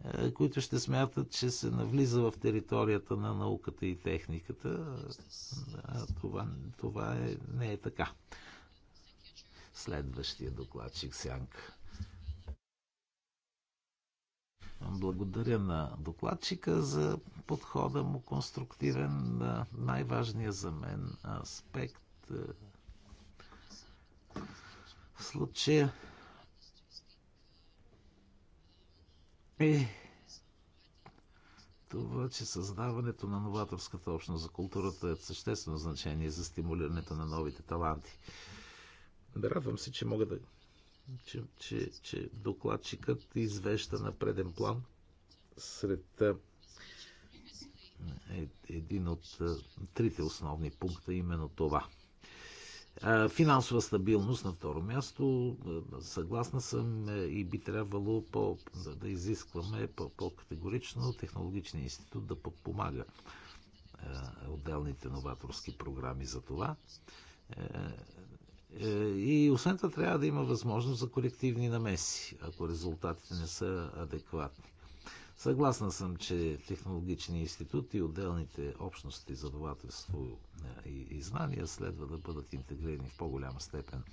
е, които ще смятат, че се навлиза в територията на науката и техниката. А е, това, това е, не е така. Следващия докладчик Сянка. Благодаря на докладчика за подхода му конструктивен. най важния за мен аспект е, случая е това, че създаването на новаторската общност за културата е съществено значение за стимулирането на новите таланти. Да радвам се, че мога да. че, че, че докладчикът извеща на преден план сред е, един от трите основни пункта, именно това – Финансова стабилност на второ място, съгласна съм е, и би трябвало по, да изискваме по-категорично технологичния институт да подпомага отделните новаторски програми за това. Е, е, и освен това трябва да има възможност за колективни намеси, ако резултатите не са адекватни. Съгласна съм, че технологични институти и отделните общности за дователство и знания следва да бъдат интегрирани в по-голяма степен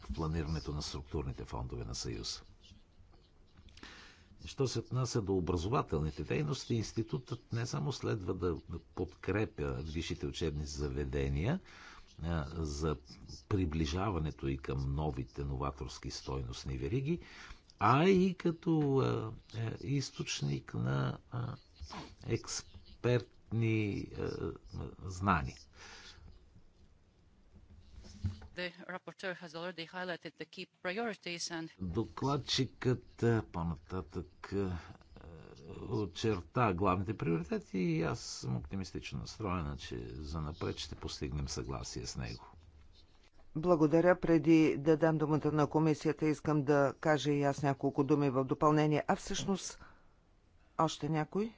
в планирането на структурните фондове на съюз. Що се отнася до образователните дейности, институтът не само следва да подкрепя висшите учебни заведения за приближаването и към новите новаторски стойностни вериги, а и като е, източник на експертни е, знания. Докладчикът е, по-нататък очерта главните приоритети и аз съм оптимистично настроена, че за напред ще постигнем съгласие с него. Благодаря. Преди да дам думата на комисията, искам да кажа и аз няколко думи в допълнение. А всъщност, още някой?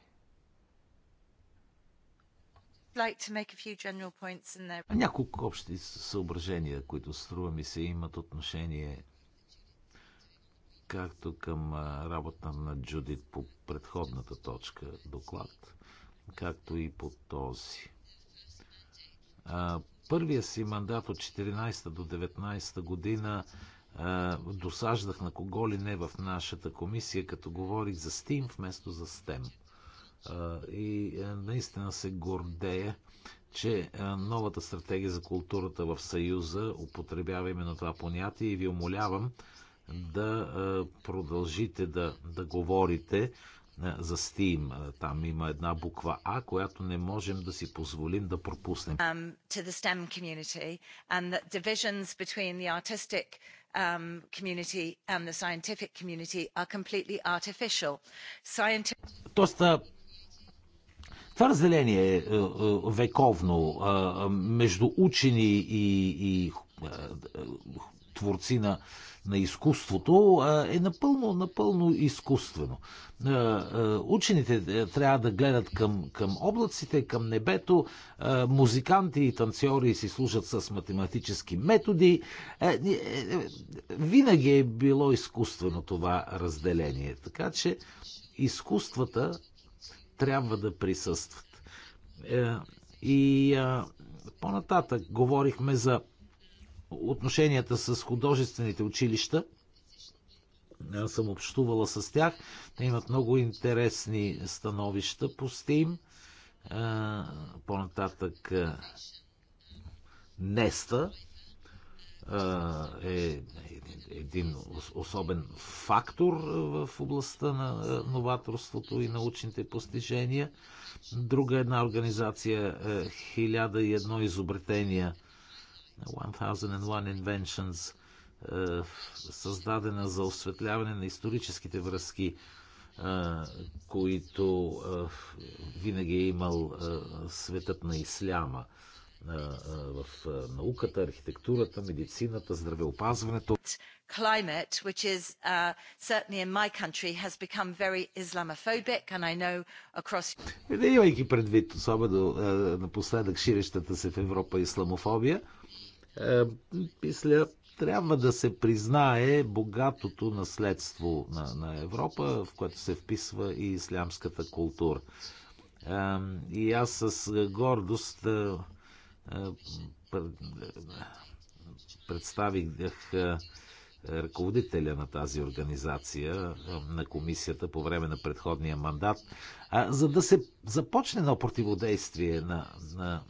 Няколко общи съображения, които струва ми се имат отношение както към работа на Джудит по предходната точка доклад, както и по този първия си мандат от 14 до 19 година досаждах на кого ли не в нашата комисия, като говорих за Steam вместо за STEM. И наистина се гордея, че новата стратегия за културата в Съюза употребява именно това понятие и ви умолявам да продължите да, да говорите за STEAM. Там има една буква А, която не можем да си позволим да пропуснем. Um, to the STEM community and that divisions between the artistic um, community and the scientific community are completely artificial. Scientific... Тоест, това разделение е, вековно между учени и, и творци на на изкуството е напълно, напълно изкуствено. Учените е, трябва да гледат към, към облаците, към небето, музиканти и танцори си служат с математически методи. Е, е, винаги е било изкуствено това разделение. Така че изкуствата трябва да присъстват. И по-нататък говорихме за отношенията с художествените училища. Аз съм общувала с тях. Те имат много интересни становища по Steam. По-нататък Неста е един особен фактор в областта на новаторството и научните постижения. Друга една организация 1001 изобретения 1001 Inventions, е, създадена за осветляване на историческите връзки, е, които е, винаги е имал светът на исляма в науката, архитектурата, медицината, здравеопазването. Climate, which is uh, certainly in my country, has become very Islamophobic, and I know across. Имайки предвид, особено напоследък ширещата се в Европа исламофобия, е, мисля, трябва да се признае богатото наследство на, на Европа, в което се вписва и ислямската култура. Е, и аз с гордост е, представих ръководителя на тази организация, на комисията по време на предходния мандат, за да се започне на противодействие на, на,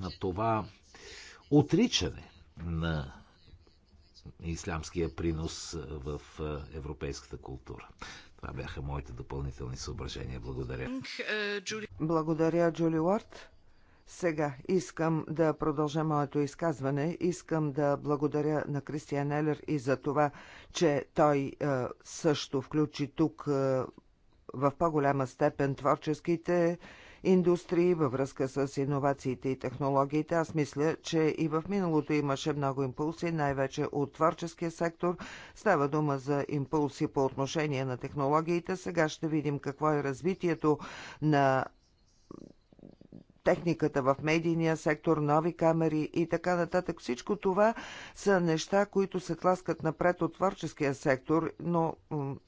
на това отричане на ислямския принос в европейската култура. Това бяха моите допълнителни съображения. Благодаря. Благодаря, Джули Уорд. Сега искам да продължа моето изказване. Искам да благодаря на Кристиан Елер и за това, че той е, също включи тук е, в по-голяма степен творческите е, индустрии, във връзка с иновациите и технологиите. Аз мисля, че и в миналото имаше много импулси, най-вече от творческия сектор. Става дума за импулси по отношение на технологиите. Сега ще видим какво е развитието на техниката в медийния сектор, нови камери и така нататък. Всичко това са неща, които се тласкат напред от творческия сектор, но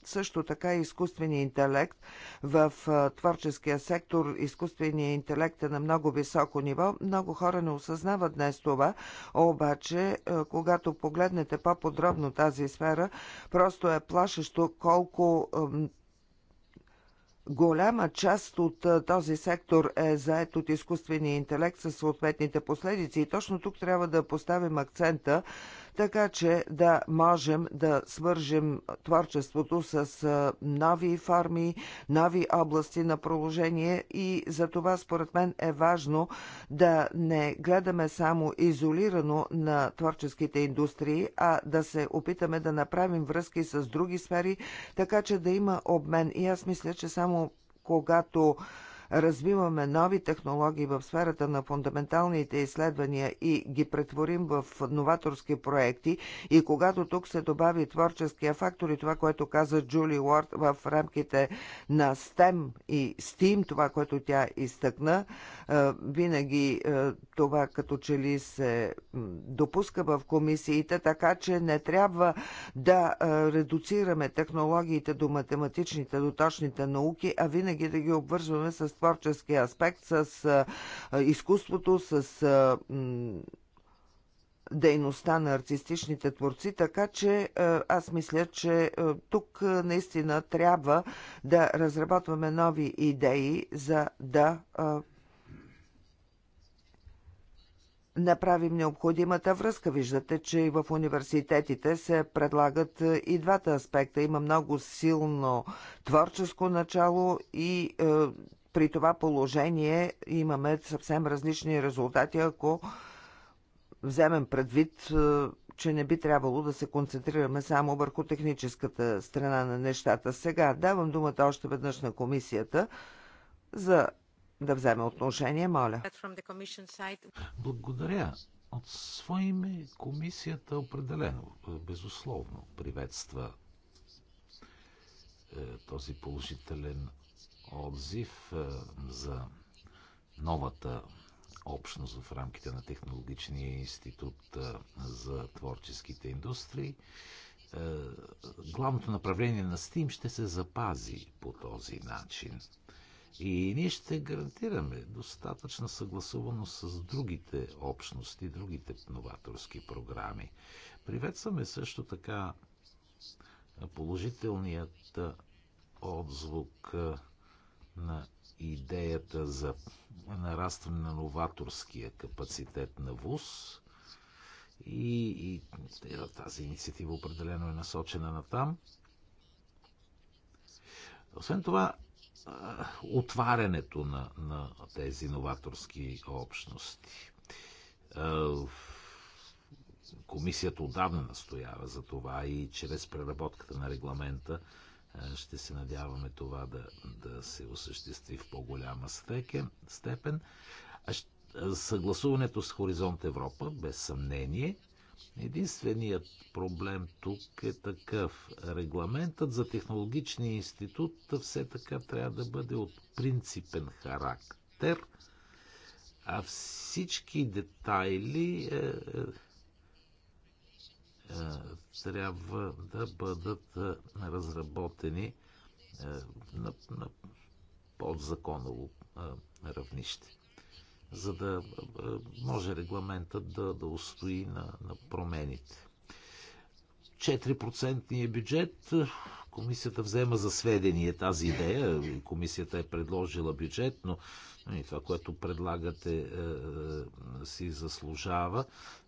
също така и изкуствения интелект. В творческия сектор изкуственият интелект е на много високо ниво. Много хора не осъзнават днес това, обаче когато погледнете по-подробно тази сфера, просто е плашещо колко голяма част от този сектор е заед от изкуствения интелект със съответните последици. И точно тук трябва да поставим акцента така че да можем да свържем творчеството с нови форми, нови области на проложение и за това според мен е важно да не гледаме само изолирано на творческите индустрии, а да се опитаме да направим връзки с други сфери, така че да има обмен. И аз мисля, че само когато развиваме нови технологии в сферата на фундаменталните изследвания и ги претворим в новаторски проекти и когато тук се добави творческия фактор и това, което каза Джули Уорд в рамките на STEM и STEAM, това, което тя изтъкна, е, винаги е, това като че ли се допуска в комисиите, така че не трябва да е, редуцираме технологиите до математичните, до точните науки, а винаги да ги обвързваме с творческия аспект, с изкуството, с дейността на артистичните творци, така че аз мисля, че тук наистина трябва да разработваме нови идеи, за да направим необходимата връзка. Виждате, че и в университетите се предлагат и двата аспекта. Има много силно творческо начало и при това положение имаме съвсем различни резултати, ако вземем предвид, е, че не би трябвало да се концентрираме само върху техническата страна на нещата. Сега давам думата още веднъж на комисията за да вземе отношение, моля. Благодаря. От свое име комисията определено, е, безусловно, приветства е, този положителен отзив е, за новата общност в рамките на Технологичния институт е, за творческите индустрии. Е, главното направление на Steam ще се запази по този начин. И ние ще гарантираме достатъчна съгласуваност с другите общности, другите новаторски програми. Приветстваме също така положителният отзвук на идеята за нарастване на новаторския капацитет на ВУЗ. И, и тази инициатива определено е насочена на там. Освен това, отварянето на, на тези новаторски общности. Комисията отдавна настоява за това и чрез преработката на регламента е, ще се надяваме това да, да се осъществи в по-голяма степен. Съгласуването с Хоризонт Европа, без съмнение, Единственият проблем тук е такъв. Регламентът за технологичния институт все така трябва да бъде от принципен характер, а всички детайли е, е, е, трябва да бъдат е, разработени е, на, на подзаконово равнище, за да може регламентът да, да устои на, на промените. 4% бюджет. Комисията взема за сведение тази идея. Комисията е предложила бюджет, но и това, което предлагате, е, е, си заслужава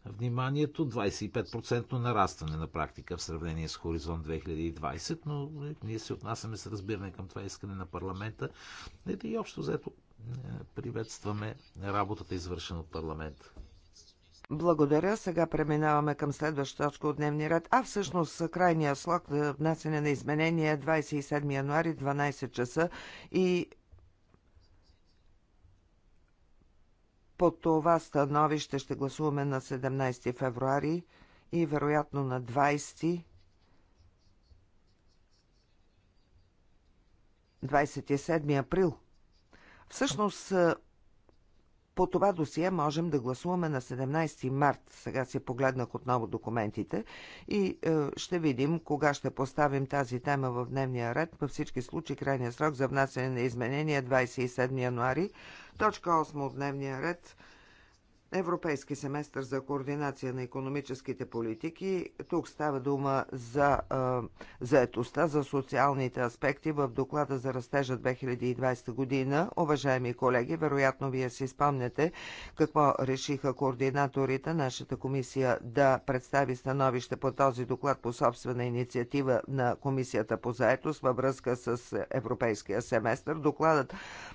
вниманието. 25% нарастване на практика в сравнение с Хоризонт 2020, но е, ние се отнасяме с разбиране към това искане на парламента. И общо взето приветстваме работата, извършена от парламента. Благодаря. Сега преминаваме към следващата точка от дневния ред. А всъщност крайния слог на внасяне на изменения е 27 януари 12 часа и По това становище ще гласуваме на 17 февруари и вероятно на 20 27 април. Всъщност по това досие можем да гласуваме на 17 март. Сега си погледнах отново документите и е, ще видим кога ще поставим тази тема в дневния ред. Във всички случаи крайният срок за внасяне на изменения 27 е януари. Точка 8 от дневния ред – Европейски семестър за координация на економическите политики. Тук става дума за заетостта, за социалните аспекти в доклада за растежа 2020 година. Уважаеми колеги, вероятно вие си спомняте какво решиха координаторите, нашата комисия да представи становище по този доклад по собствена инициатива на Комисията по заетост във връзка с Европейския семестър. Докладът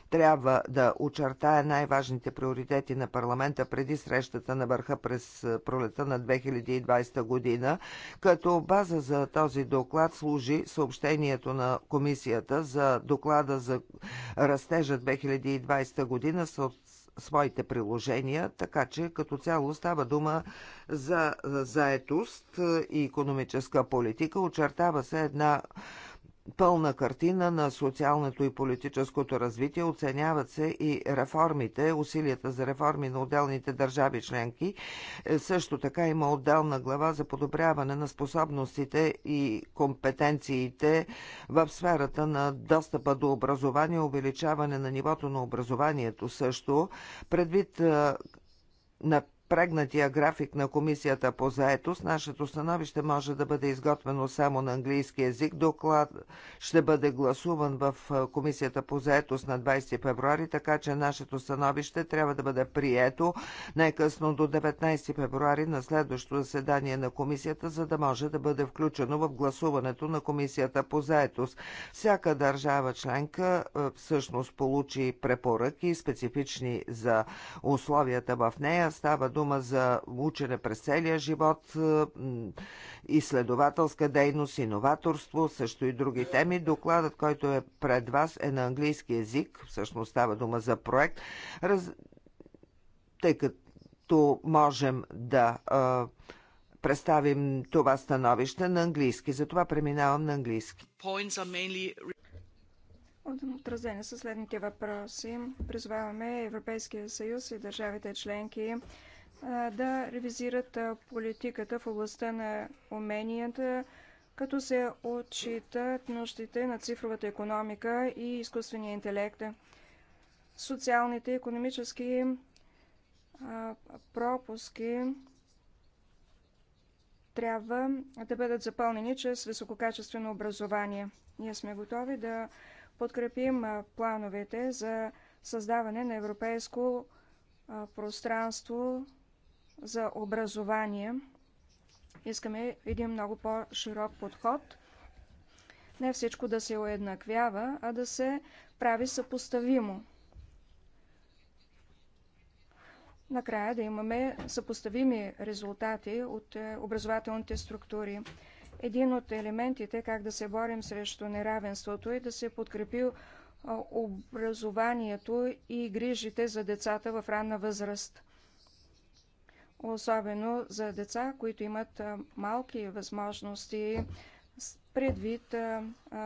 трябва да очертае най-важните приоритети на парламента преди срещата на върха през пролета на 2020 година. Като база за този доклад служи съобщението на комисията за доклада за растежа 2020 година с своите приложения, така че като цяло става дума за заетост и економическа политика. Очертава се една пълна картина на социалното и политическото развитие, оценяват се и реформите, усилията за реформи на отделните държави членки. Е, също така има отделна глава за подобряване на способностите и компетенциите в сферата на достъпа до образование, увеличаване на нивото на образованието също, предвид е, на Прегнатия график на Комисията по заетост, нашето становище може да бъде изготвено само на английски язик. Доклад ще бъде гласуван в Комисията по заетост на 20 февруари, така че нашето становище трябва да бъде прието най-късно до 19 февруари на следващото заседание на Комисията, за да може да бъде включено в гласуването на Комисията по заетост. Всяка държава членка всъщност получи препоръки специфични за условията в нея. Става дума дума за учене през целия живот, изследователска дейност, иноваторство, също и други теми. Докладът, който е пред вас, е на английски язик, всъщност става дума за проект, раз... тъй като можем да а, представим това становище на английски. Затова преминавам на английски. Отразени са следните въпроси. Призваваме Европейския съюз и държавите членки да ревизират политиката в областта на уменията, като се отчитат нуждите на цифровата економика и изкуствения интелект. Социалните и економически пропуски трябва да бъдат запълнени чрез висококачествено образование. Ние сме готови да подкрепим плановете за създаване на европейско пространство за образование. Искаме един много по-широк подход. Не всичко да се уеднаквява, а да се прави съпоставимо. Накрая да имаме съпоставими резултати от е, образователните структури. Един от елементите как да се борим срещу неравенството е да се подкрепи е, образованието и грижите за децата в ранна възраст особено за деца, които имат малки възможности предвид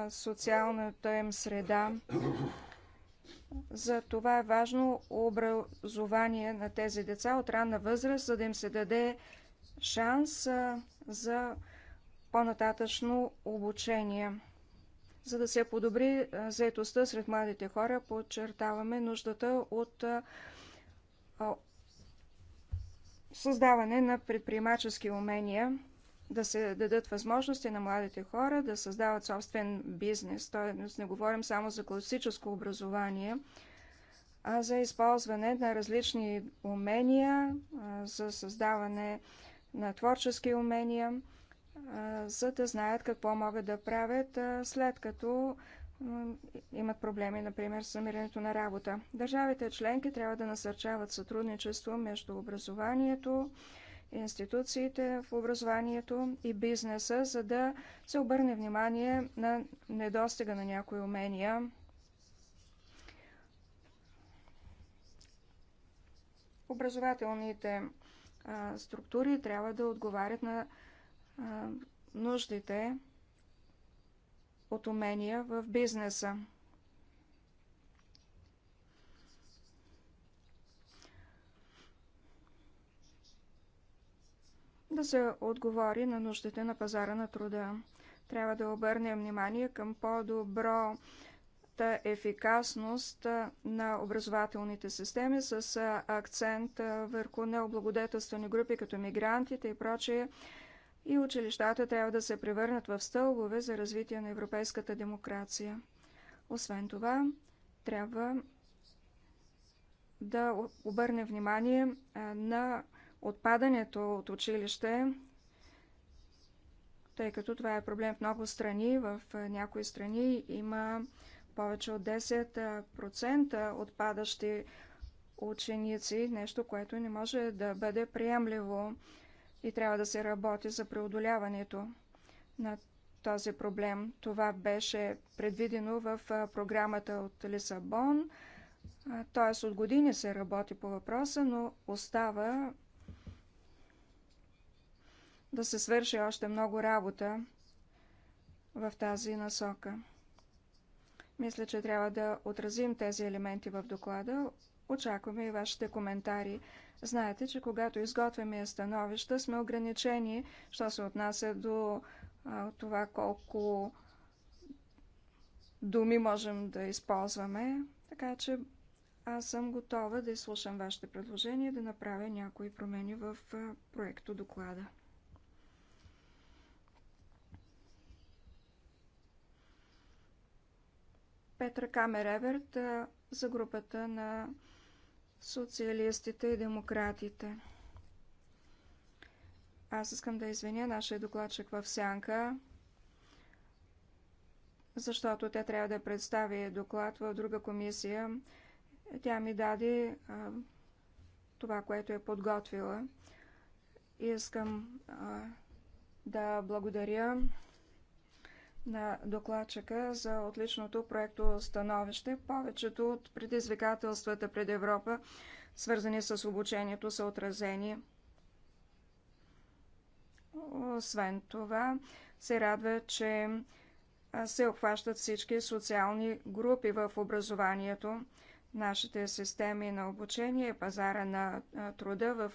социалната им среда. За това е важно образование на тези деца от ранна възраст, за да им се даде шанс за по-нататъчно обучение. За да се подобри заетостта сред младите хора, подчертаваме нуждата от създаване на предприемачески умения, да се дадат възможности на младите хора да създават собствен бизнес. Тоест не говорим само за класическо образование, а за използване на различни умения, за създаване на творчески умения, за да знаят какво могат да правят след като имат проблеми, например, с намирането на работа. Държавите членки трябва да насърчават сътрудничество между образованието, институциите в образованието и бизнеса, за да се обърне внимание на недостига на някои умения. Образователните а, структури трябва да отговарят на а, нуждите от умения в бизнеса. Да се отговори на нуждите на пазара на труда. Трябва да обърнем внимание към по-добро ефикасност на образователните системи с акцент върху необлагодетелствени групи като мигрантите и прочие и училищата трябва да се превърнат в стълбове за развитие на европейската демокрация. Освен това, трябва да обърне внимание на отпадането от училище, тъй като това е проблем в много страни. В някои страни има повече от 10% отпадащи ученици, нещо, което не може да бъде приемливо и трябва да се работи за преодоляването на този проблем. Това беше предвидено в програмата от Лисабон, т.е. от години се работи по въпроса, но остава да се свърши още много работа в тази насока. Мисля, че трябва да отразим тези елементи в доклада. Очакваме и вашите коментари. Знаете, че когато изготвяме становища, сме ограничени, що се отнася до а, това колко думи можем да използваме. Така че аз съм готова да изслушам вашите предложения, да направя някои промени в проекто доклада. Петра Камереверт за групата на социалистите и демократите. Аз искам да извиня нашия докладчик в сянка, защото тя трябва да представи доклад в друга комисия. Тя ми даде а, това, което е подготвила. Искам а, да благодаря на докладчика за отличното проекто становище. Повечето от предизвикателствата пред Европа, свързани с обучението, са отразени. Освен това, се радва, че се обхващат всички социални групи в образованието. Нашите системи на обучение, пазара на труда в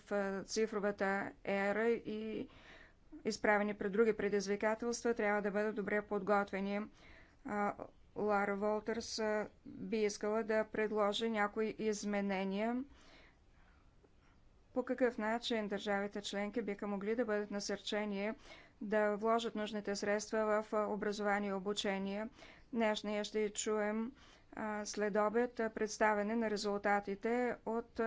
цифровата ера и изправени пред други предизвикателства, трябва да бъдат добре подготвени. Лара Волтърс би искала да предложи някои изменения по какъв начин държавите членки биха могли да бъдат насърчени да вложат нужните средства в образование и обучение. Днес ние ще чуем след обед представяне на резултатите от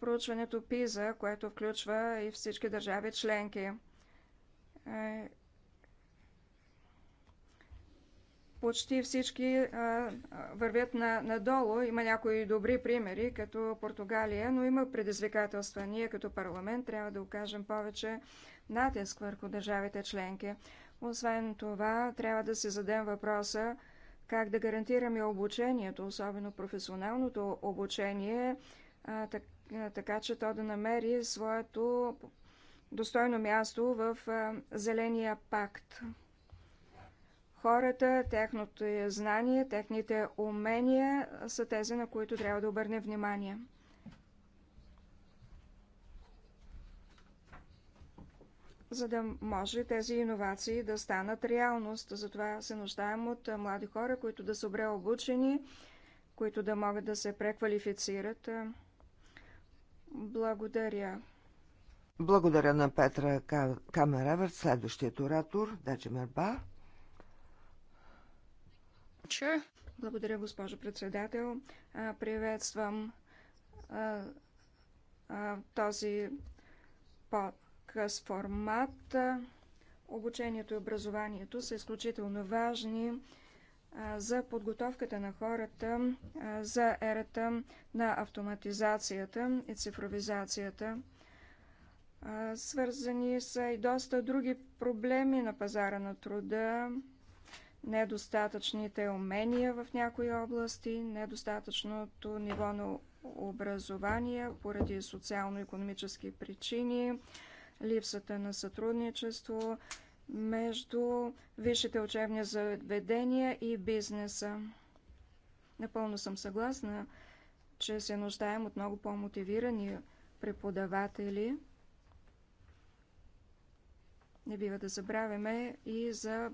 проучването ПИЗА, което включва и всички държави членки. Е, почти всички е, е, вървят надолу. Има някои добри примери, като Португалия, но има предизвикателства. Ние като парламент трябва да окажем повече натиск върху държавите членки. Освен това, трябва да си задем въпроса как да гарантираме обучението, особено професионалното обучение, така че то да намери своето достойно място в Зеления пакт. Хората, техното е знание, техните умения са тези, на които трябва да обърне внимание. за да може тези иновации да станат реалност. Затова се нуждаем от млади хора, които да са добре обучени, които да могат да се преквалифицират. Благодаря. Благодаря на Петра Камереверт, следващият оратор, Даче Мерба. Благодаря, госпожо председател. Приветствам този по-къс формат. Обучението и образованието са изключително важни за подготовката на хората за ерата на автоматизацията и цифровизацията. Свързани са и доста други проблеми на пазара на труда, недостатъчните умения в някои области, недостатъчното ниво на образование поради социално-економически причини, липсата на сътрудничество между висшите учебни заведения и бизнеса. Напълно съм съгласна, че се нуждаем от много по-мотивирани преподаватели – не бива да забравяме и за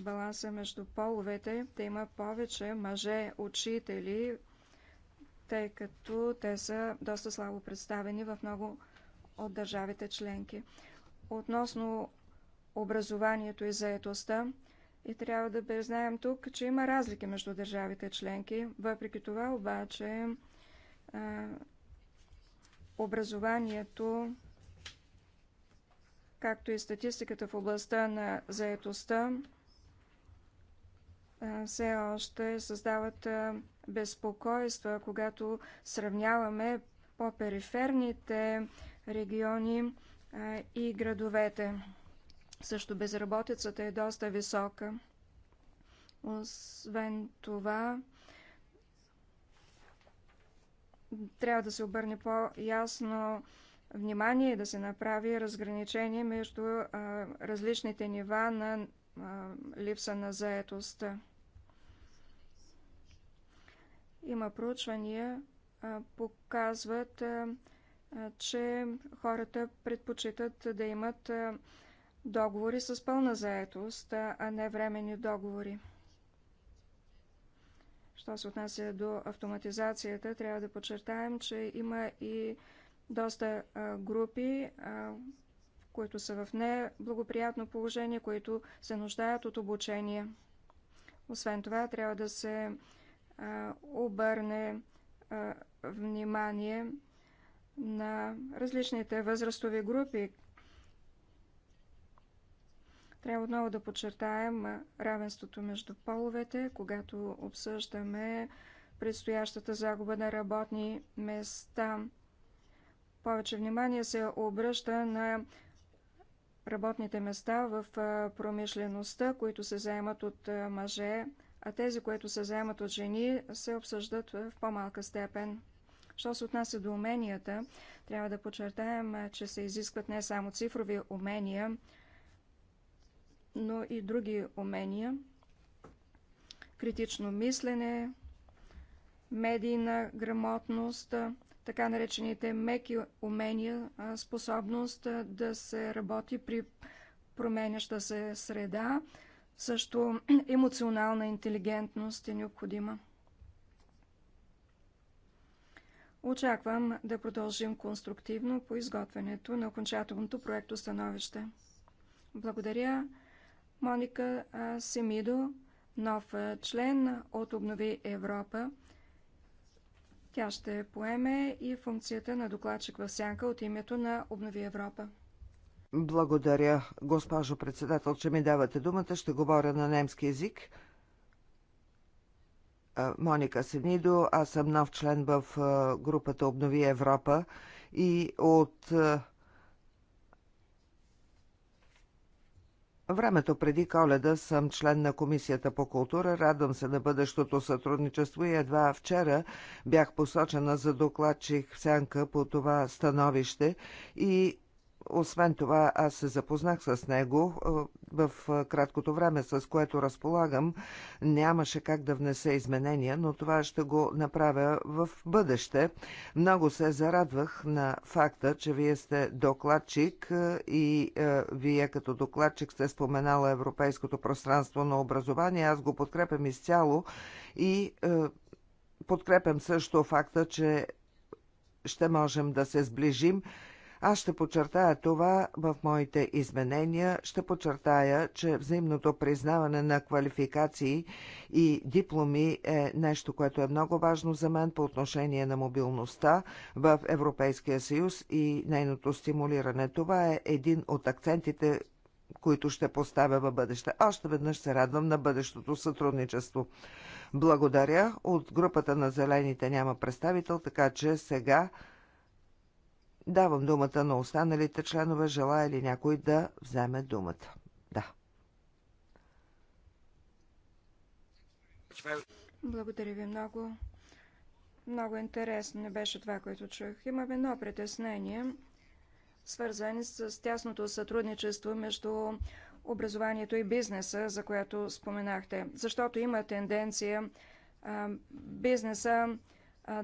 баланса между половете. Те има повече мъже учители, тъй като те са доста слабо представени в много от държавите членки. Относно образованието и заетостта, и трябва да признаем тук, че има разлики между държавите членки. Въпреки това обаче образованието както и статистиката в областта на заетостта, все още създават безпокойства, когато сравняваме по-периферните региони и градовете. Също безработицата е доста висока. Освен това, трябва да се обърне по-ясно внимание да се направи разграничение между различните нива на липса на заетост. Има проучвания, показват, че хората предпочитат да имат договори с пълна заетост, а не временни договори. Що се отнася до автоматизацията, трябва да подчертаем, че има и доста групи, които са в неблагоприятно положение, които се нуждаят от обучение. Освен това, трябва да се обърне внимание на различните възрастови групи. Трябва отново да подчертаем равенството между половете, когато обсъждаме предстоящата загуба на работни места – повече внимание се обръща на работните места в промишлеността, които се заемат от мъже, а тези, които се заемат от жени, се обсъждат в по-малка степен. Що се отнася до уменията, трябва да подчертаем, че се изискват не само цифрови умения, но и други умения. Критично мислене, медийна грамотност, така наречените меки умения, способност да се работи при променяща се среда, също (clears throat) емоционална интелигентност е необходима. Очаквам да продължим конструктивно по изготвянето на окончателното проекто становище. Благодаря Моника Семидо, нов член от Обнови Европа. Тя ще поеме и функцията на докладчик в сянка от името на Обнови Европа. Благодаря, госпожо председател, че ми давате думата. Ще говоря на немски язик. Моника Сенидо, аз съм нов член в групата Обнови Европа и от Времето преди коледа съм член на Комисията по култура, радвам се на бъдещото сътрудничество и едва вчера бях посочена за докладчик в сянка по това становище и освен това, аз се запознах с него в краткото време, с което разполагам. Нямаше как да внесе изменения, но това ще го направя в бъдеще. Много се зарадвах на факта, че вие сте докладчик и вие като докладчик сте споменала Европейското пространство на образование. Аз го подкрепям изцяло и подкрепям също факта, че ще можем да се сближим аз ще подчертая това в моите изменения. Ще подчертая, че взаимното признаване на квалификации и дипломи е нещо, което е много важно за мен по отношение на мобилността в Европейския съюз и нейното стимулиране. Това е един от акцентите, които ще поставя в бъдеще. Още веднъж се радвам на бъдещото сътрудничество. Благодаря. От групата на зелените няма представител, така че сега Давам думата на останалите членове. Желая ли някой да вземе думата? Да. Благодаря ви много. Много интересно не беше това, което чух. Имам едно притеснение, свързани с тясното сътрудничество между образованието и бизнеса, за което споменахте. Защото има тенденция а, бизнеса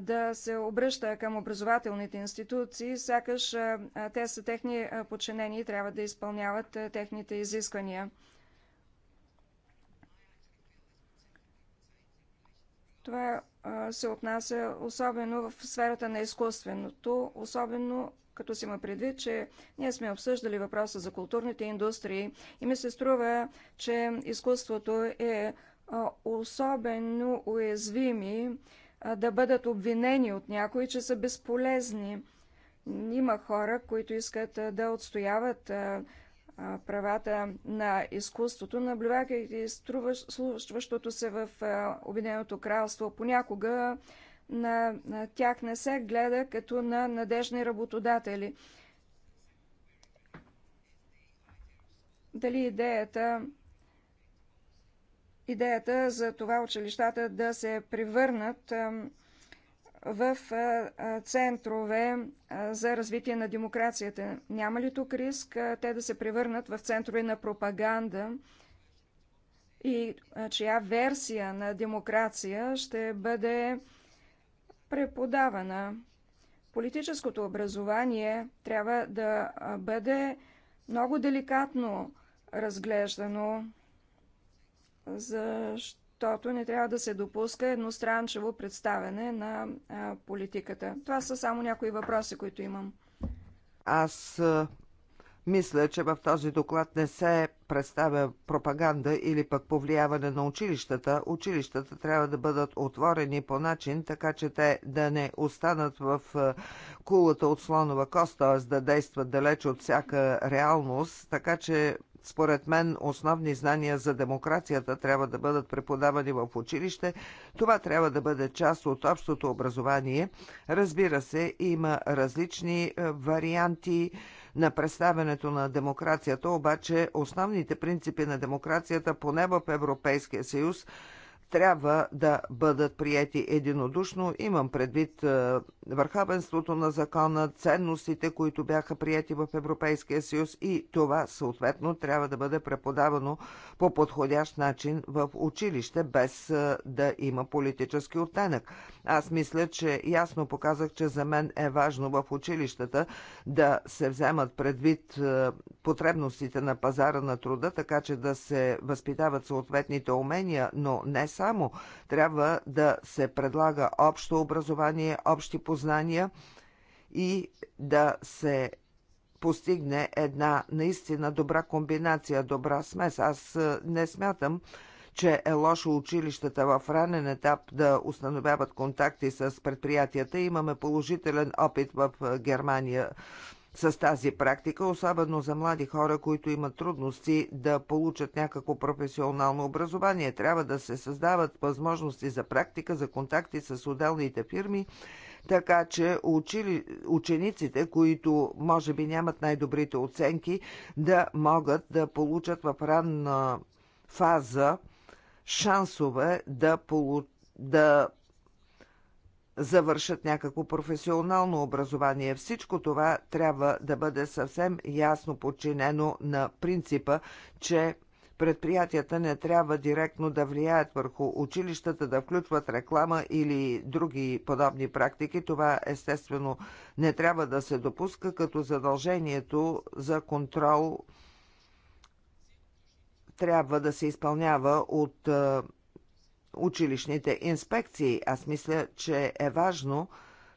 да се обръща към образователните институции, сякаш те са техни подчинени и трябва да изпълняват техните изисквания. Това се отнася особено в сферата на изкуственото, особено като си има предвид, че ние сме обсъждали въпроса за културните индустрии и ми се струва, че изкуството е особено уязвими да бъдат обвинени от някои, че са безполезни. Има хора, които искат да отстояват правата на изкуството, наблюдавайки случващото се в Обединеното кралство. Понякога на, на тях не се гледа като на надежни работодатели. Дали идеята идеята за това училищата да се превърнат в центрове за развитие на демокрацията. Няма ли тук риск те да се превърнат в центрове на пропаганда и чия версия на демокрация ще бъде преподавана? Политическото образование трябва да бъде много деликатно разглеждано защото не трябва да се допуска едностранчево представяне на политиката. Това са само някои въпроси, които имам. Аз мисля, че в този доклад не се представя пропаганда или пък повлияване на училищата. Училищата трябва да бъдат отворени по начин, така че те да не останат в кулата от слонова кост, т.е. да действат далеч от всяка реалност, така че според мен, основни знания за демокрацията трябва да бъдат преподавани в училище. Това трябва да бъде част от общото образование. Разбира се, има различни е, варианти на представянето на демокрацията, обаче основните принципи на демокрацията, поне в Европейския съюз, трябва да бъдат приети единодушно. Имам предвид е, върховенството на закона, ценностите, които бяха прияти в Европейския съюз и това съответно трябва да бъде преподавано по подходящ начин в училище, без да има политически оттенък. Аз мисля, че ясно показах, че за мен е важно в училищата да се вземат предвид потребностите на пазара на труда, така че да се възпитават съответните умения, но не само. Трябва да се предлага общо образование, общи познания, познания и да се постигне една наистина добра комбинация, добра смес. Аз е, не смятам, че е лошо училищата в ранен етап да установяват контакти с предприятията. Имаме положителен опит в е, Германия с тази практика, особено за млади хора, които имат трудности да получат някакво професионално образование. Трябва да се създават възможности за практика, за контакти с отделните фирми, така че учили, учениците, които може би нямат най-добрите оценки, да могат да получат в ранна фаза шансове да, полу... да завършат някакво професионално образование. Всичко това трябва да бъде съвсем ясно подчинено на принципа, че Предприятията не трябва директно да влияят върху училищата, да включват реклама или други подобни практики. Това естествено не трябва да се допуска, като задължението за контрол трябва да се изпълнява от е, училищните инспекции. Аз мисля, че е важно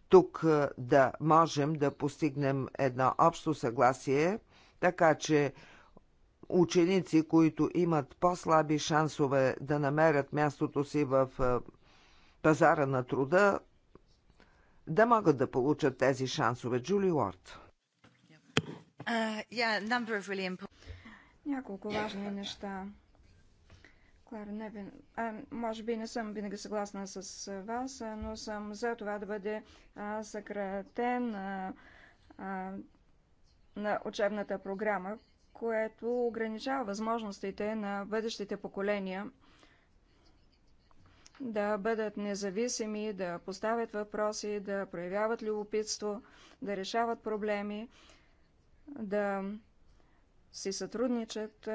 тук е, да можем да постигнем едно общо съгласие, така че ученици, които имат по-слаби шансове да намерят мястото си в пазара на труда, да могат да получат тези шансове. Джули Уорд. Няколко важни неща. Клара, не а, може би не съм винаги съгласна с вас, но съм за това да бъде а, съкратен а, а, на учебната програма, което ограничава възможностите на бъдещите поколения да бъдат независими, да поставят въпроси, да проявяват любопитство, да решават проблеми, да си сътрудничат.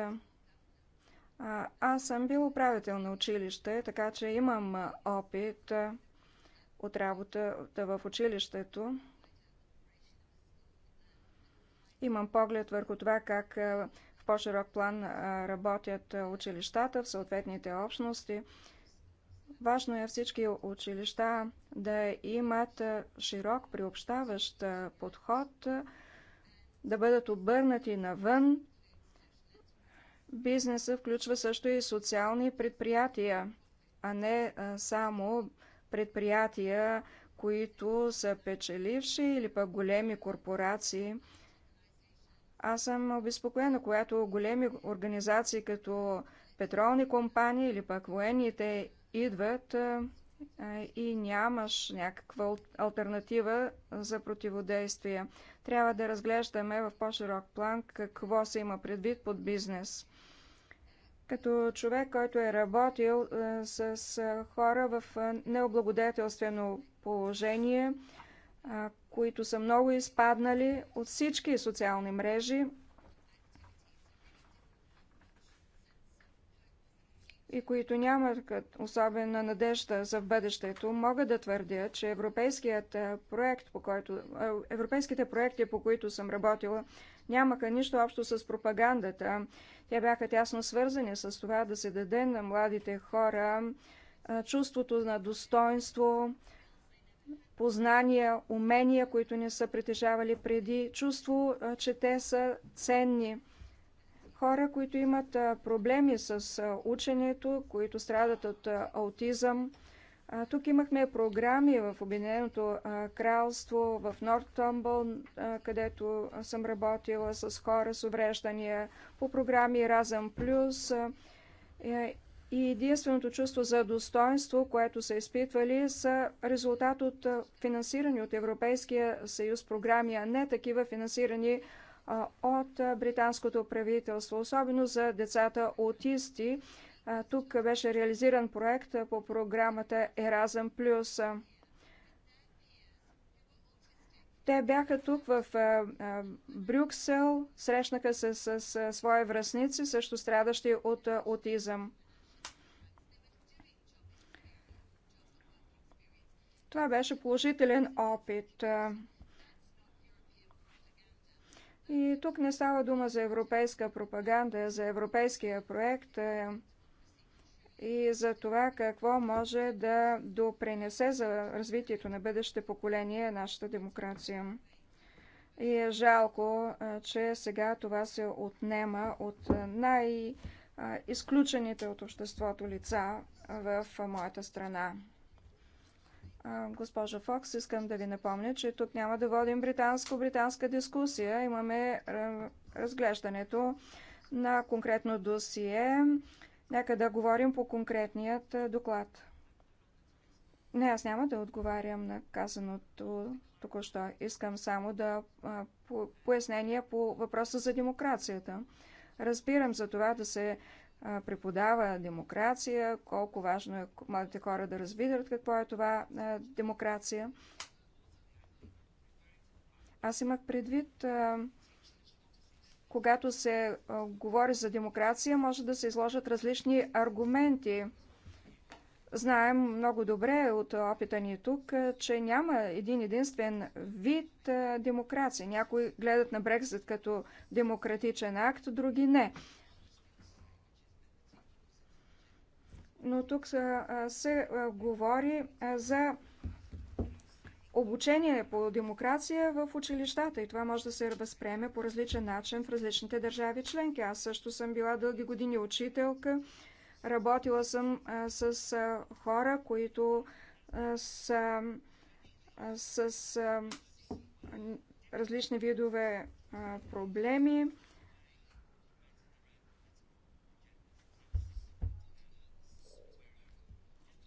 Аз съм бил управител на училище, така че имам опит от работата в училището. Имам поглед върху това как в по-широк план работят училищата в съответните общности. Важно е всички училища да имат широк приобщаващ подход, да бъдат обърнати навън. Бизнеса включва също и социални предприятия, а не само предприятия, които са печеливши или пък големи корпорации – аз съм обезпокоена, когато големи организации като петролни компании или пък военните идват и нямаш някаква альтернатива за противодействие. Трябва да разглеждаме в по-широк план какво се има предвид под бизнес. Като човек, който е работил с хора в необлагодетелствено положение, които са много изпаднали от всички социални мрежи и които нямат особена надежда за бъдещето, мога да твърдя, че европейският проект, по който, европейските проекти, по които съм работила, нямаха нищо общо с пропагандата. Те бяха тясно свързани с това да се даде на младите хора чувството на достоинство, познания, умения, които не са притежавали преди, чувство, че те са ценни. Хора, които имат проблеми с ученето, които страдат от аутизъм. Тук имахме програми в Обединеното кралство, в Нортъмбъл, където съм работила с хора с увреждания, по програми Разъм Плюс и единственото чувство за достоинство, което са изпитвали, са резултат от финансирани от Европейския съюз програми, а не такива финансирани от британското правителство, особено за децата аутисти. Тук беше реализиран проект по програмата Еразъм Плюс. Те бяха тук в Брюксел, срещнаха се с свои връзници, също страдащи от аутизъм. Това беше положителен опит. И тук не става дума за европейска пропаганда, за европейския проект е, и за това какво може да допринесе за развитието на бъдеще поколение нашата демокрация. И е жалко, е, че сега това се отнема от е, най- изключените от обществото лица в моята страна. Госпожо Фокс, искам да ви напомня, че тук няма да водим британско-британска дискусия. Имаме разглеждането на конкретно досие. Нека да говорим по конкретният доклад. Не, аз няма да отговарям на казаното току-що. Искам само да пояснение по въпроса за демокрацията. Разбирам за това да се преподава демокрация, колко важно е младите хора да разбират какво е това демокрация. Аз имах предвид, когато се говори за демокрация, може да се изложат различни аргументи. Знаем много добре от опита ни тук, че няма един единствен вид демокрация. Някои гледат на Брекзит като демократичен акт, други не. но тук се, говори за обучение по демокрация в училищата и това може да се възприеме по различен начин в различните държави членки. Аз също съм била дълги години учителка, работила съм с хора, които са с различни видове проблеми.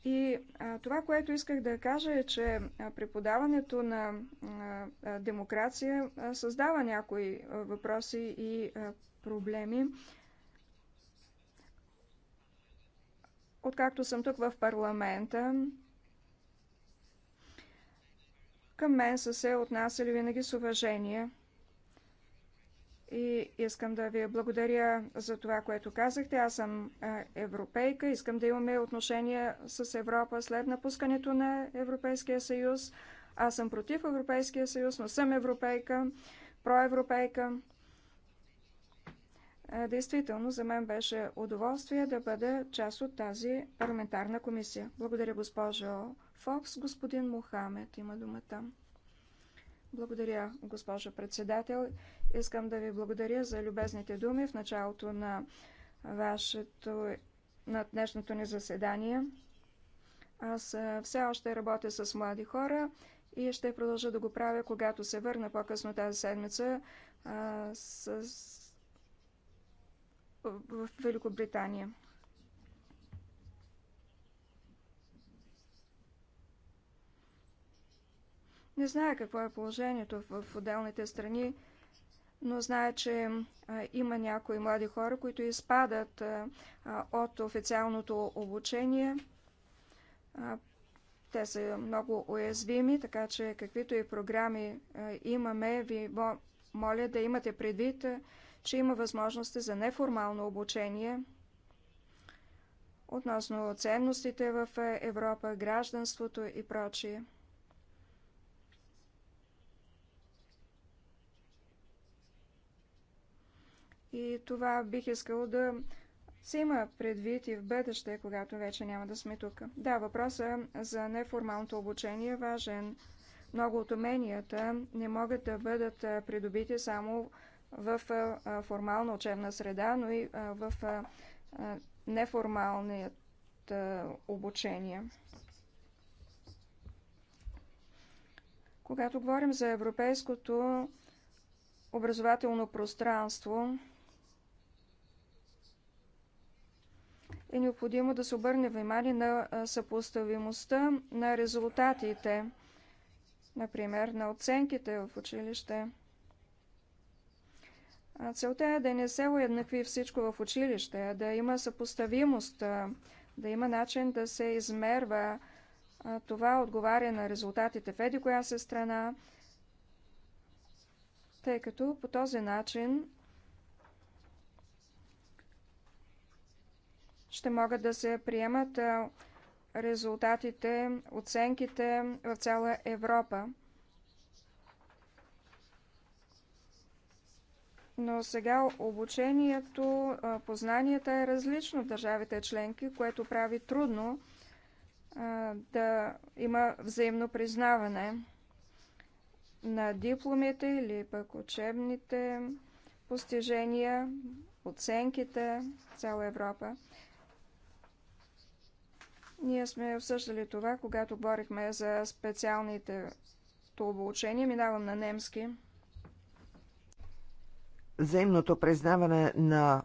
И а, това, което исках да кажа е, че преподаването на а, демокрация а, създава някои а, въпроси и а, проблеми. Откакто съм тук в парламента, към мен са се отнасяли винаги с уважение и искам да ви благодаря за това, което казахте. Аз съм европейка, искам да имаме отношения с Европа след напускането на Европейския съюз. Аз съм против Европейския съюз, но съм европейка, проевропейка. Действително, за мен беше удоволствие да бъда част от тази парламентарна комисия. Благодаря, госпожо Фокс. Господин Мохамед има думата. Благодаря, госпожо председател. Искам да ви благодаря за любезните думи в началото на вашето, на днешното ни заседание. Аз все още работя с млади хора и ще продължа да го правя, когато се върна по-късно тази седмица а, с, в Великобритания. Не зная какво е положението в отделните страни, но зная, че има някои млади хора, които изпадат от официалното обучение. Те са много уязвими, така че каквито и програми имаме, ви моля да имате предвид, че има възможности за неформално обучение относно ценностите в Европа, гражданството и прочие. И това бих искал да се има предвид и в бъдеще, когато вече няма да сме тук. Да, въпросът за неформалното обучение е важен. Много от уменията не могат да бъдат придобити само в формална учебна среда, но и в неформалният обучение. Когато говорим за европейското образователно пространство, е необходимо да се обърне внимание на съпоставимостта на резултатите, например на оценките в училище. Целта е да не се уеднакви всичко в училище, а да има съпоставимост, да има начин да се измерва това отговаря на резултатите в еди коя се страна, тъй като по този начин ще могат да се приемат резултатите, оценките в цяла Европа. Но сега обучението, познанията е различно в държавите членки, което прави трудно да има взаимно признаване на дипломите или пък учебните постижения, оценките в цяла Европа. Ние сме обсъждали това, когато борихме за специалните обучение. Минавам на немски. Взаимното признаване на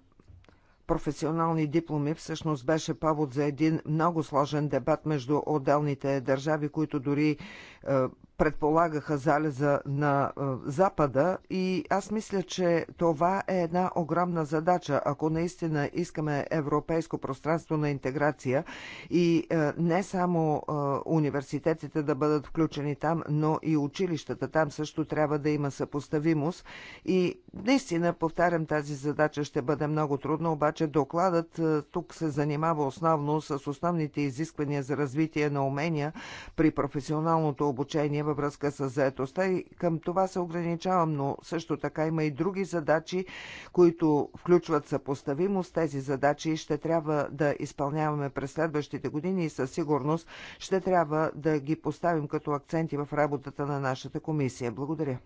професионални дипломи всъщност беше повод за един много сложен дебат между отделните държави, които дори е, предполагаха залеза на е, Запада и аз мисля, че това е една огромна задача, ако наистина искаме европейско пространство на интеграция и е, не само е, университетите да бъдат включени там, но и училищата. Там също трябва да има съпоставимост и наистина, повтарям, тази задача ще бъде много трудна, обаче докладът тук се занимава основно с основните изисквания за развитие на умения при професионалното обучение в във връзка с заетостта и към това се ограничавам, но също така има и други задачи, които включват съпоставимост. Тези задачи ще трябва да изпълняваме през следващите години и със сигурност ще трябва да ги поставим като акценти в работата на нашата комисия. Благодаря.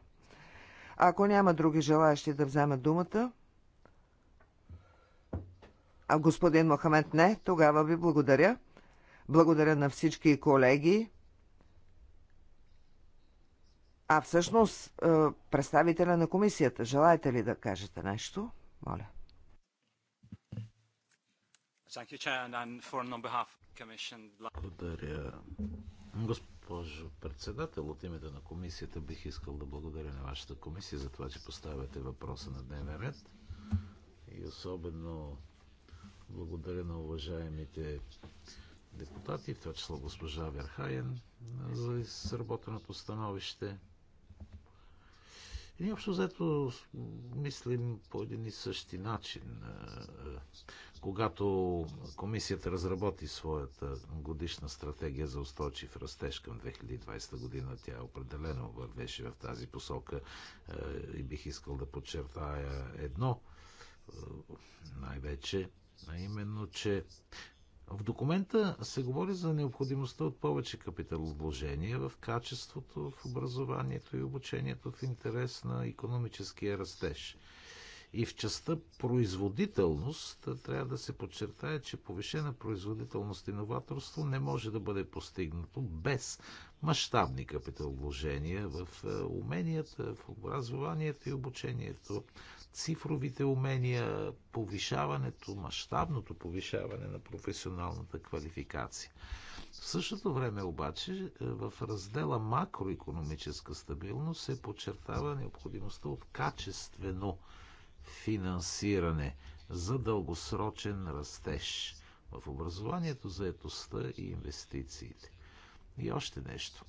Ако няма други желаящи да вземат думата, а господин Мохамед не, тогава ви благодаря. Благодаря на всички колеги, а всъщност, е, представителя на комисията, желаете ли да кажете нещо? Моля. Благодаря. Госпожо председател, от името на комисията бих искал да благодаря на вашата комисия за това, че поставяте въпроса на дневен ред. И особено благодаря на уважаемите депутати, в това число госпожа Верхаен, за изработеното становище. И ние общо взето мислим по един и същи начин. Е, е, когато комисията разработи своята годишна стратегия за устойчив растеж към 2020 година, тя определено вървеше в тази посока е, и бих искал да подчертая едно най-вече, а именно, че в документа се говори за необходимостта от повече капиталовложение в качеството, в образованието и обучението в интерес на економическия растеж. И в частта производителност трябва да се подчертае, че повишена производителност и новаторство не може да бъде постигнато без мащабни капиталовложения в е, уменията, в образованието и обучението, цифровите умения, повишаването, мащабното повишаване на професионалната квалификация. В същото време обаче е, в раздела макроекономическа стабилност се подчертава необходимостта от качествено финансиране за дългосрочен растеж в образованието, заетостта и инвестициите. И още нещо.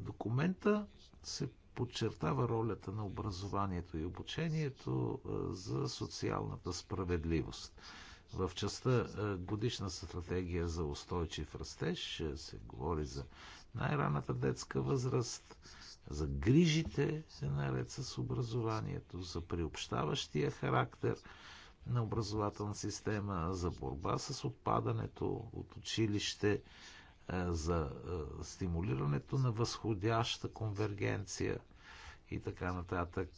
Документа се подчертава ролята на образованието и обучението за социалната справедливост. В частта годишна стратегия за устойчив растеж се говори за най-раната детска възраст, за грижите се наред с образованието, за приобщаващия характер на образователна система, за борба с отпадането от училище, е, за е, стимулирането на възходяща конвергенция и така нататък.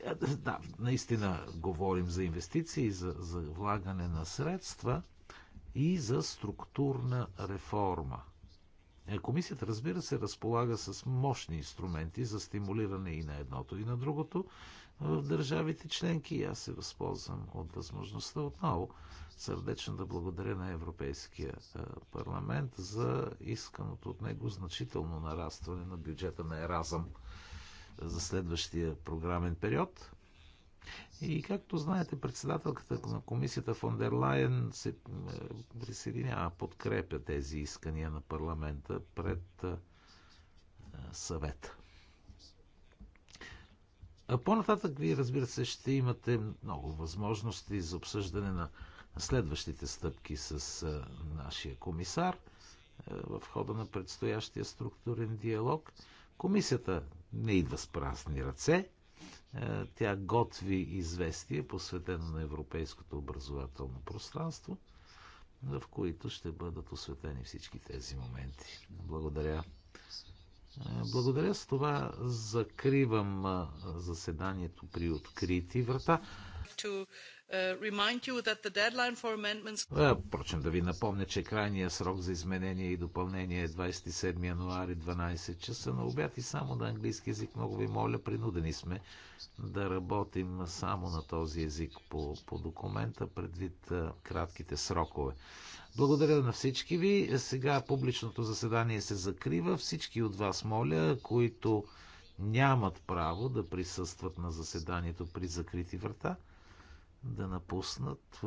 Е, да, наистина говорим за инвестиции, за, за влагане на средства и за структурна реформа. Комисията, разбира се, разполага с мощни инструменти за стимулиране и на едното, и на другото в държавите членки. Аз се възползвам от възможността отново сърдечно да благодаря на Европейския е, парламент за исканото от него значително нарастване на бюджета на Еразъм за следващия програмен период. И както знаете, председателката на комисията фон дер Лайен се е, присъединява, подкрепя тези искания на парламента пред е, съвета. По-нататък вие, разбира се, ще имате много възможности за обсъждане на следващите стъпки с нашия комисар в хода на предстоящия структурен диалог. Комисията не идва с празни ръце. Тя готви известие, посветено на европейското образователно пространство, в които ще бъдат осветени всички тези моменти. Благодаря. Благодаря с това закривам заседанието при открити врата. Uh, впрочем, да ви напомня, че крайния срок за изменение и допълнение е 27 януари 12 часа на обяд и само на английски язик. Много ви моля, принудени сме да работим само на този язик по, по документа, предвид кратките срокове. Благодаря на всички ви. Сега публичното заседание се закрива. Всички от вас, моля, които нямат право да присъстват на заседанието при закрити врата, да напуснат